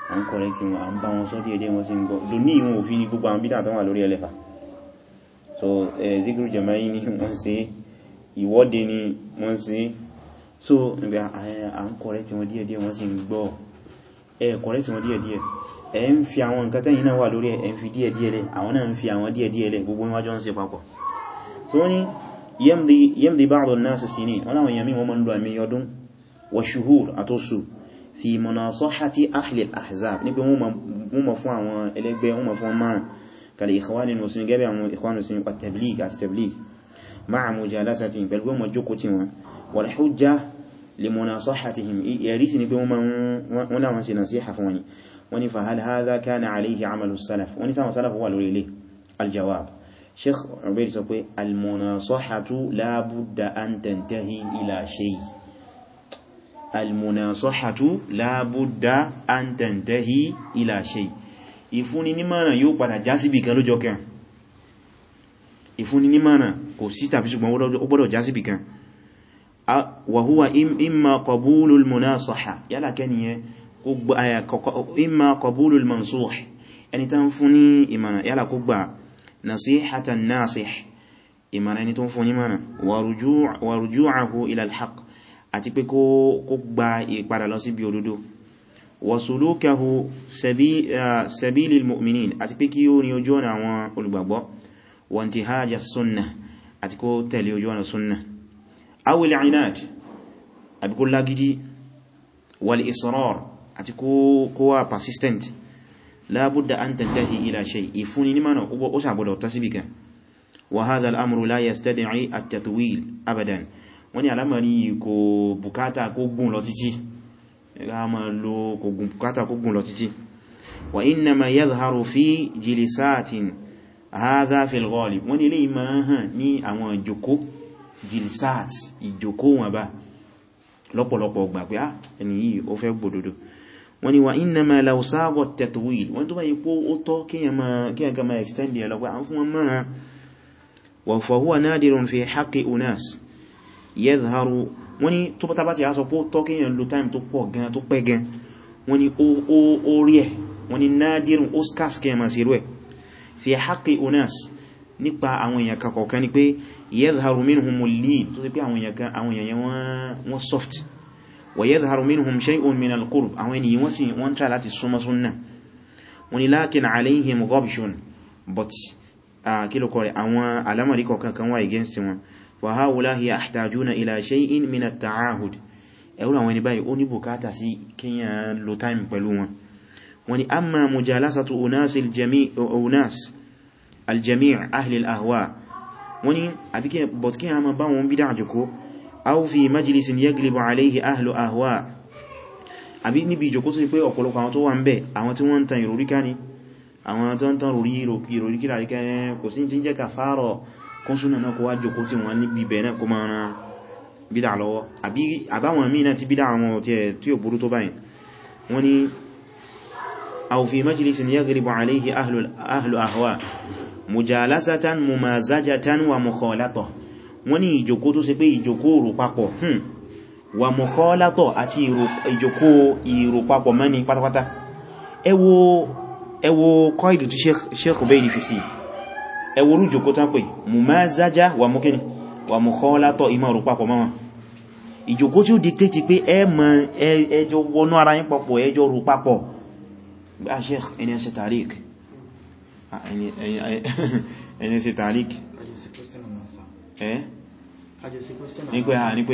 à ń kọ́ rẹ̀tí wọn à ń bá wọn sọ díẹ̀díẹ̀ wọ́n sì ń gbọ́ lò ní ìwọ̀n òfin ní gbogbo àwọn bídà tó wà lórí ẹlẹ́fà so eh, zikiru jama'i ni wọ́n ṣe ìwọ́de ni wọ́n ṣe so nígbà eh, à ń kọ̀rẹ́ tí wọ́n díẹ̀díẹ̀ wọ́n sì ń gbọ́ ẹ kọ̀rẹ́ tí wọ́n díẹ̀díẹ̀ ẹ ń fi àwọn nǹkan tẹ́yìn náà wà lórí ẹ ń fi díẹ̀díẹ̀ lẹ̀ àwọn náà ń fi àwọn díẹ̀díẹ̀ lẹ̀ gbogbo wọn jọ ń ṣe papọ̀ so ní yamdi ba'd an-nas sinin wọ́n láwọn èèyàn mi wọ́n mọ́ ń lo wa shuhur àtọ́sù fi munasahati ahli al-ahzab níbi wọ́n mọ̀ fún àwọn ẹlẹ́gbẹ́ wọ́n mọ̀ fún márùn kàlẹ̀ ìkwánil muslimin gẹ́bẹ̀ àwọn ìkwánil muslimin pa tabligh àti tabligh ma'a mujalasatin pẹ̀lú gbọ́mọ̀ jókó tí wọn wal hujja li munasahatihim ẹ̀rí sí ni pé wọ́n náà wọ́n ṣe nasiha fún wọn wọ́n ni fahal hadha kana alayhi amalu salaf wọ́n ni sáwọn salaf wà lórí ilé aljawab sheikh ubayd sọ pé almunasahatu la budda an tantahi ila shay almunasahatu la budda an tantahi ila shay ìfúnni nímọ̀ràn yóò padà já síbì kan lọ́jọ́ kan ìfúnni nímọ̀ràn kò sí tàbí ṣùgbọ́n ó gbọ́dọ̀ já síbì kan wa huwa imma qabulul munasaha yálà kẹ́niyẹn imma qabulul mansuh ẹni tán fún ní ìmọ̀ràn yálà kó gbà nasihatan nasih ìmọ̀ràn ẹni tó ń fún nímọ̀ràn wa ruju'ahu gba ìpadà lọ wasulukahu sabili eh, almu'minin àti pé kí ó ní ojú ọ̀nà àwọn olùgbàgbọ́ wa intihaja sunnah àti kó tẹ̀lé ojú ọ̀nà sunnah awil inad àbí kó lágídí wal israr àti kó wà persistent lábúdà an tantahi ila shay ìfúnni ní mọ́nà ó sàgbọ́dọ̀ tásíbìkà wa hadha al'amru la yastadi'i at-tatwil abadan wani alamari kò bùkátà kó gùn lọ títí ma lo kogun bukata kogun lọ títí wa innama yadhharu fi jilisatin hadha fil ghalib wọ́n ni ilé ìmọ̀ hàn ní àwọn ìjòkó jilisat ìjòkó wọn bá lọ́pọ̀lọpọ̀ ọgbà pé á ah, ẹni yìí ó fẹ́ gbòdòdó wọ́n ni wà innama law sagot tatwil wọ́n tó bá yí pó wọ́n ní tó bá tàbátì aṣọ pó tọ́kí yẹn lo time tó pọ̀ gan tó pẹ́ gan wọ́n ní ó rí ẹ̀ wọ́n ní náàdírùn ó skars kí ẹmà sí rú ẹ̀ fi haqqi onas nípa àwọn èèyàn kakọ̀ọ̀kan ni pé yadhharu minhumul lin tó sì pé àwọn èèyàn wọ́n soft wa yadhharu minhum shay'un min al-qurb àwọn ènìyàn wọ́n sì wọ́n tàà láti súnmọ́ súnnà wọ́n ní lakin alayhim ghabshun but ah, kílùkọ́ rẹ̀ àwọn alamari kọ̀ọ̀kan kan wà against wọn وهؤلاء يحتاجون إلى شيء من التعاهد ẹ̀rùn àwọn ẹni báyìí ó ní bùkátà sí kíyàn lo time pẹ̀lú wọn wọ́n ni amma mujalasatu unas aljami' ahli al-ahwa wọ́n ni àbíkẹ́ but kíyàn ma bá wọn bídá àjòkó aw fi majlisin yaglibu alayhi ahlu ahwa àbí níbi ìjòkó sí pé ọ̀pọ̀lọpọ̀ àwọn tó wà ń bẹ̀ àwọn tí wọ́n tan ìròrí ká àwọn tó ń tan ìròrí kíra kò sí ti ń jẹ́ kàfàrọ̀ kọ́nsúnà náà kó wá jòkó tí wọ́n ní bíbẹ̀ náà kó máa ran bídà lọ́wọ́ àbáwọn míì náà ti bídà àwọn ọ̀tẹ́ tí ò burú tó báyìí wọ́n ni aw fi majlisin yaghribu alayhi ahlu ahwa mujalasatan mumazajatan wa mukhalata wọ́n hmm, ni ìjòkó tó ẹwọ́rú jòkó tán pè mumazaja wà mú kíni wà mú kọ́látọ̀ ìmọ̀ rò papọ̀ mọ́mọ́ ìjòkó tí ó dictate pé ẹ mọ̀ ẹjọ́ wọnú ara yín papọ̀ ẹjọ́ rò papọ̀ a ah, sheikh ẹni ẹsẹ̀ tariq ah, ẹni ẹsẹ̀ tariq nígbé ha nígbé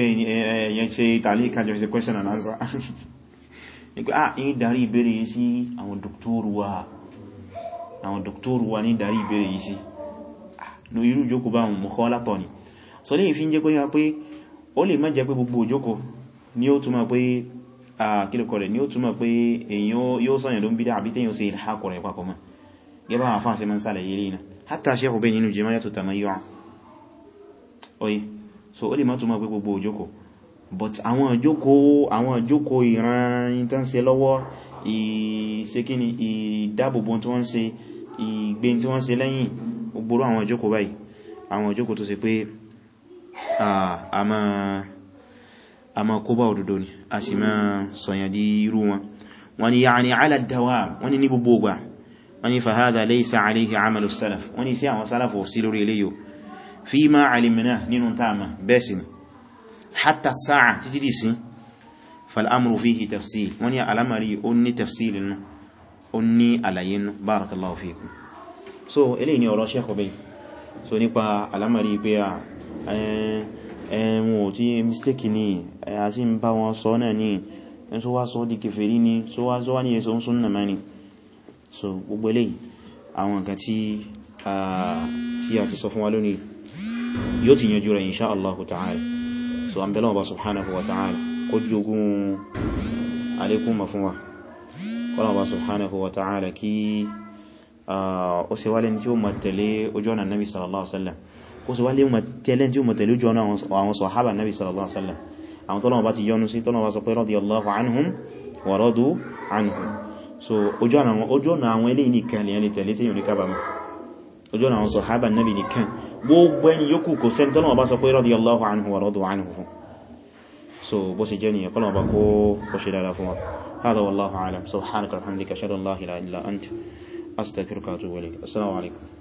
ẹ̀yẹn ṣe tariq ah, kajọ question and answer nígbé ah ní darí ìbéèrè yìí sí àwọn dòktóru wa ní darí ìbéèrè yìí sí ní irú ìjókòó bá mú kọ́ látọ̀ ni so ní ìfin jẹ́ pé ó lè má jẹ́ pé gbogbo ìjókòó ni ó túnmọ̀ pé àkílùkọ̀ rẹ̀ ni ó túnmọ̀ pé èyàn yóò sọ́yàn ló ń bídá àbí tẹ́yàn sí ìlhàkọ̀ rẹ̀ so ó lè má túnmọ̀ pé gbogbo but àwọn òjókò àwọn òjókò ìran ìtàn ṣe lọ́wọ́ ìsekíni ìdábòbò tí wọ́n ṣe ìgbé tí wọ́n ṣe lẹ́yìn gbogbo àwọn ìjókòó báyìí àwọn ìjókòó tó ṣe pé a ma kó bá òdòdó ni a sì ma sọ̀yàn di irú wọn wọ́n ni ya'ni ala dawam wọ́n ni ní gbogbo ọgbà wọ́n ni fahadha laysa alayhi amalu salaf wọ́n ni sí àwọn salaf ò sí lórí eléyò fi ma alimina nínú taama bẹ́ẹ̀ sí ni hatta sa'a títí dì sí fal'amuru fihi tafsil wọ́n ni alamari ó ní tafsil nù ó ní àlàyé nù barakallahu fikum so ilé ni ọ̀rọ̀ Sheikh Obaid so nípa alamari pé a ẹ̀wọ̀n ò tí mistake ni a sì ń bá wọn sọ náà ni ẹn so wá sọ di kèfèrí ni so wá sọ wá ní ẹsọ ń sún nàmá ni so gbogbo ilé àwọn nǹkan tí a ti sọ fún wa lónìí yóò ti yanjú rẹ̀ insha Allah ta'ala so an bẹ̀lọ́wọ́ ba subhanahu wa ta'ala kó jogun alékún ma fún wa kọ́lọ̀wọ́ subhanahu wa ta'ala kí ó ṣe wálé tí ó mọ̀ tẹ̀lé ojú ọ̀nà nabi sallallahu alaihi wasallam kó ṣe wálé tẹ́lẹ̀ tí ó mọ̀ tẹ̀lé ojú ọ̀nà àwọn sọ̀hábà nabi sallallahu alaihi wasallam àwọn tọ́lọ́wọ́ bá ti yọ́nú sí tọ́lọ́wọ́ bá sọ pé radiyallahu anhum wa so ojú ọ̀nà àwọn eléyìí nìkan lèyàn lè tẹ̀lé téyàn ní kábàmọ̀ ojú ọ̀nà àwọn sọ̀hábà nabi nìkan gbogbo ẹni yókù kò sẹ́ni tọ́lọ́wọ́ bá anhu wa radu so bó ṣe jẹ́ nìyàn kọ́lọ̀ bá kó ṣe dára fún wa hada wallahu alam subhanaka alhamdika ashhadu astaghfiruka wa atubu ilayk assalamu alaikum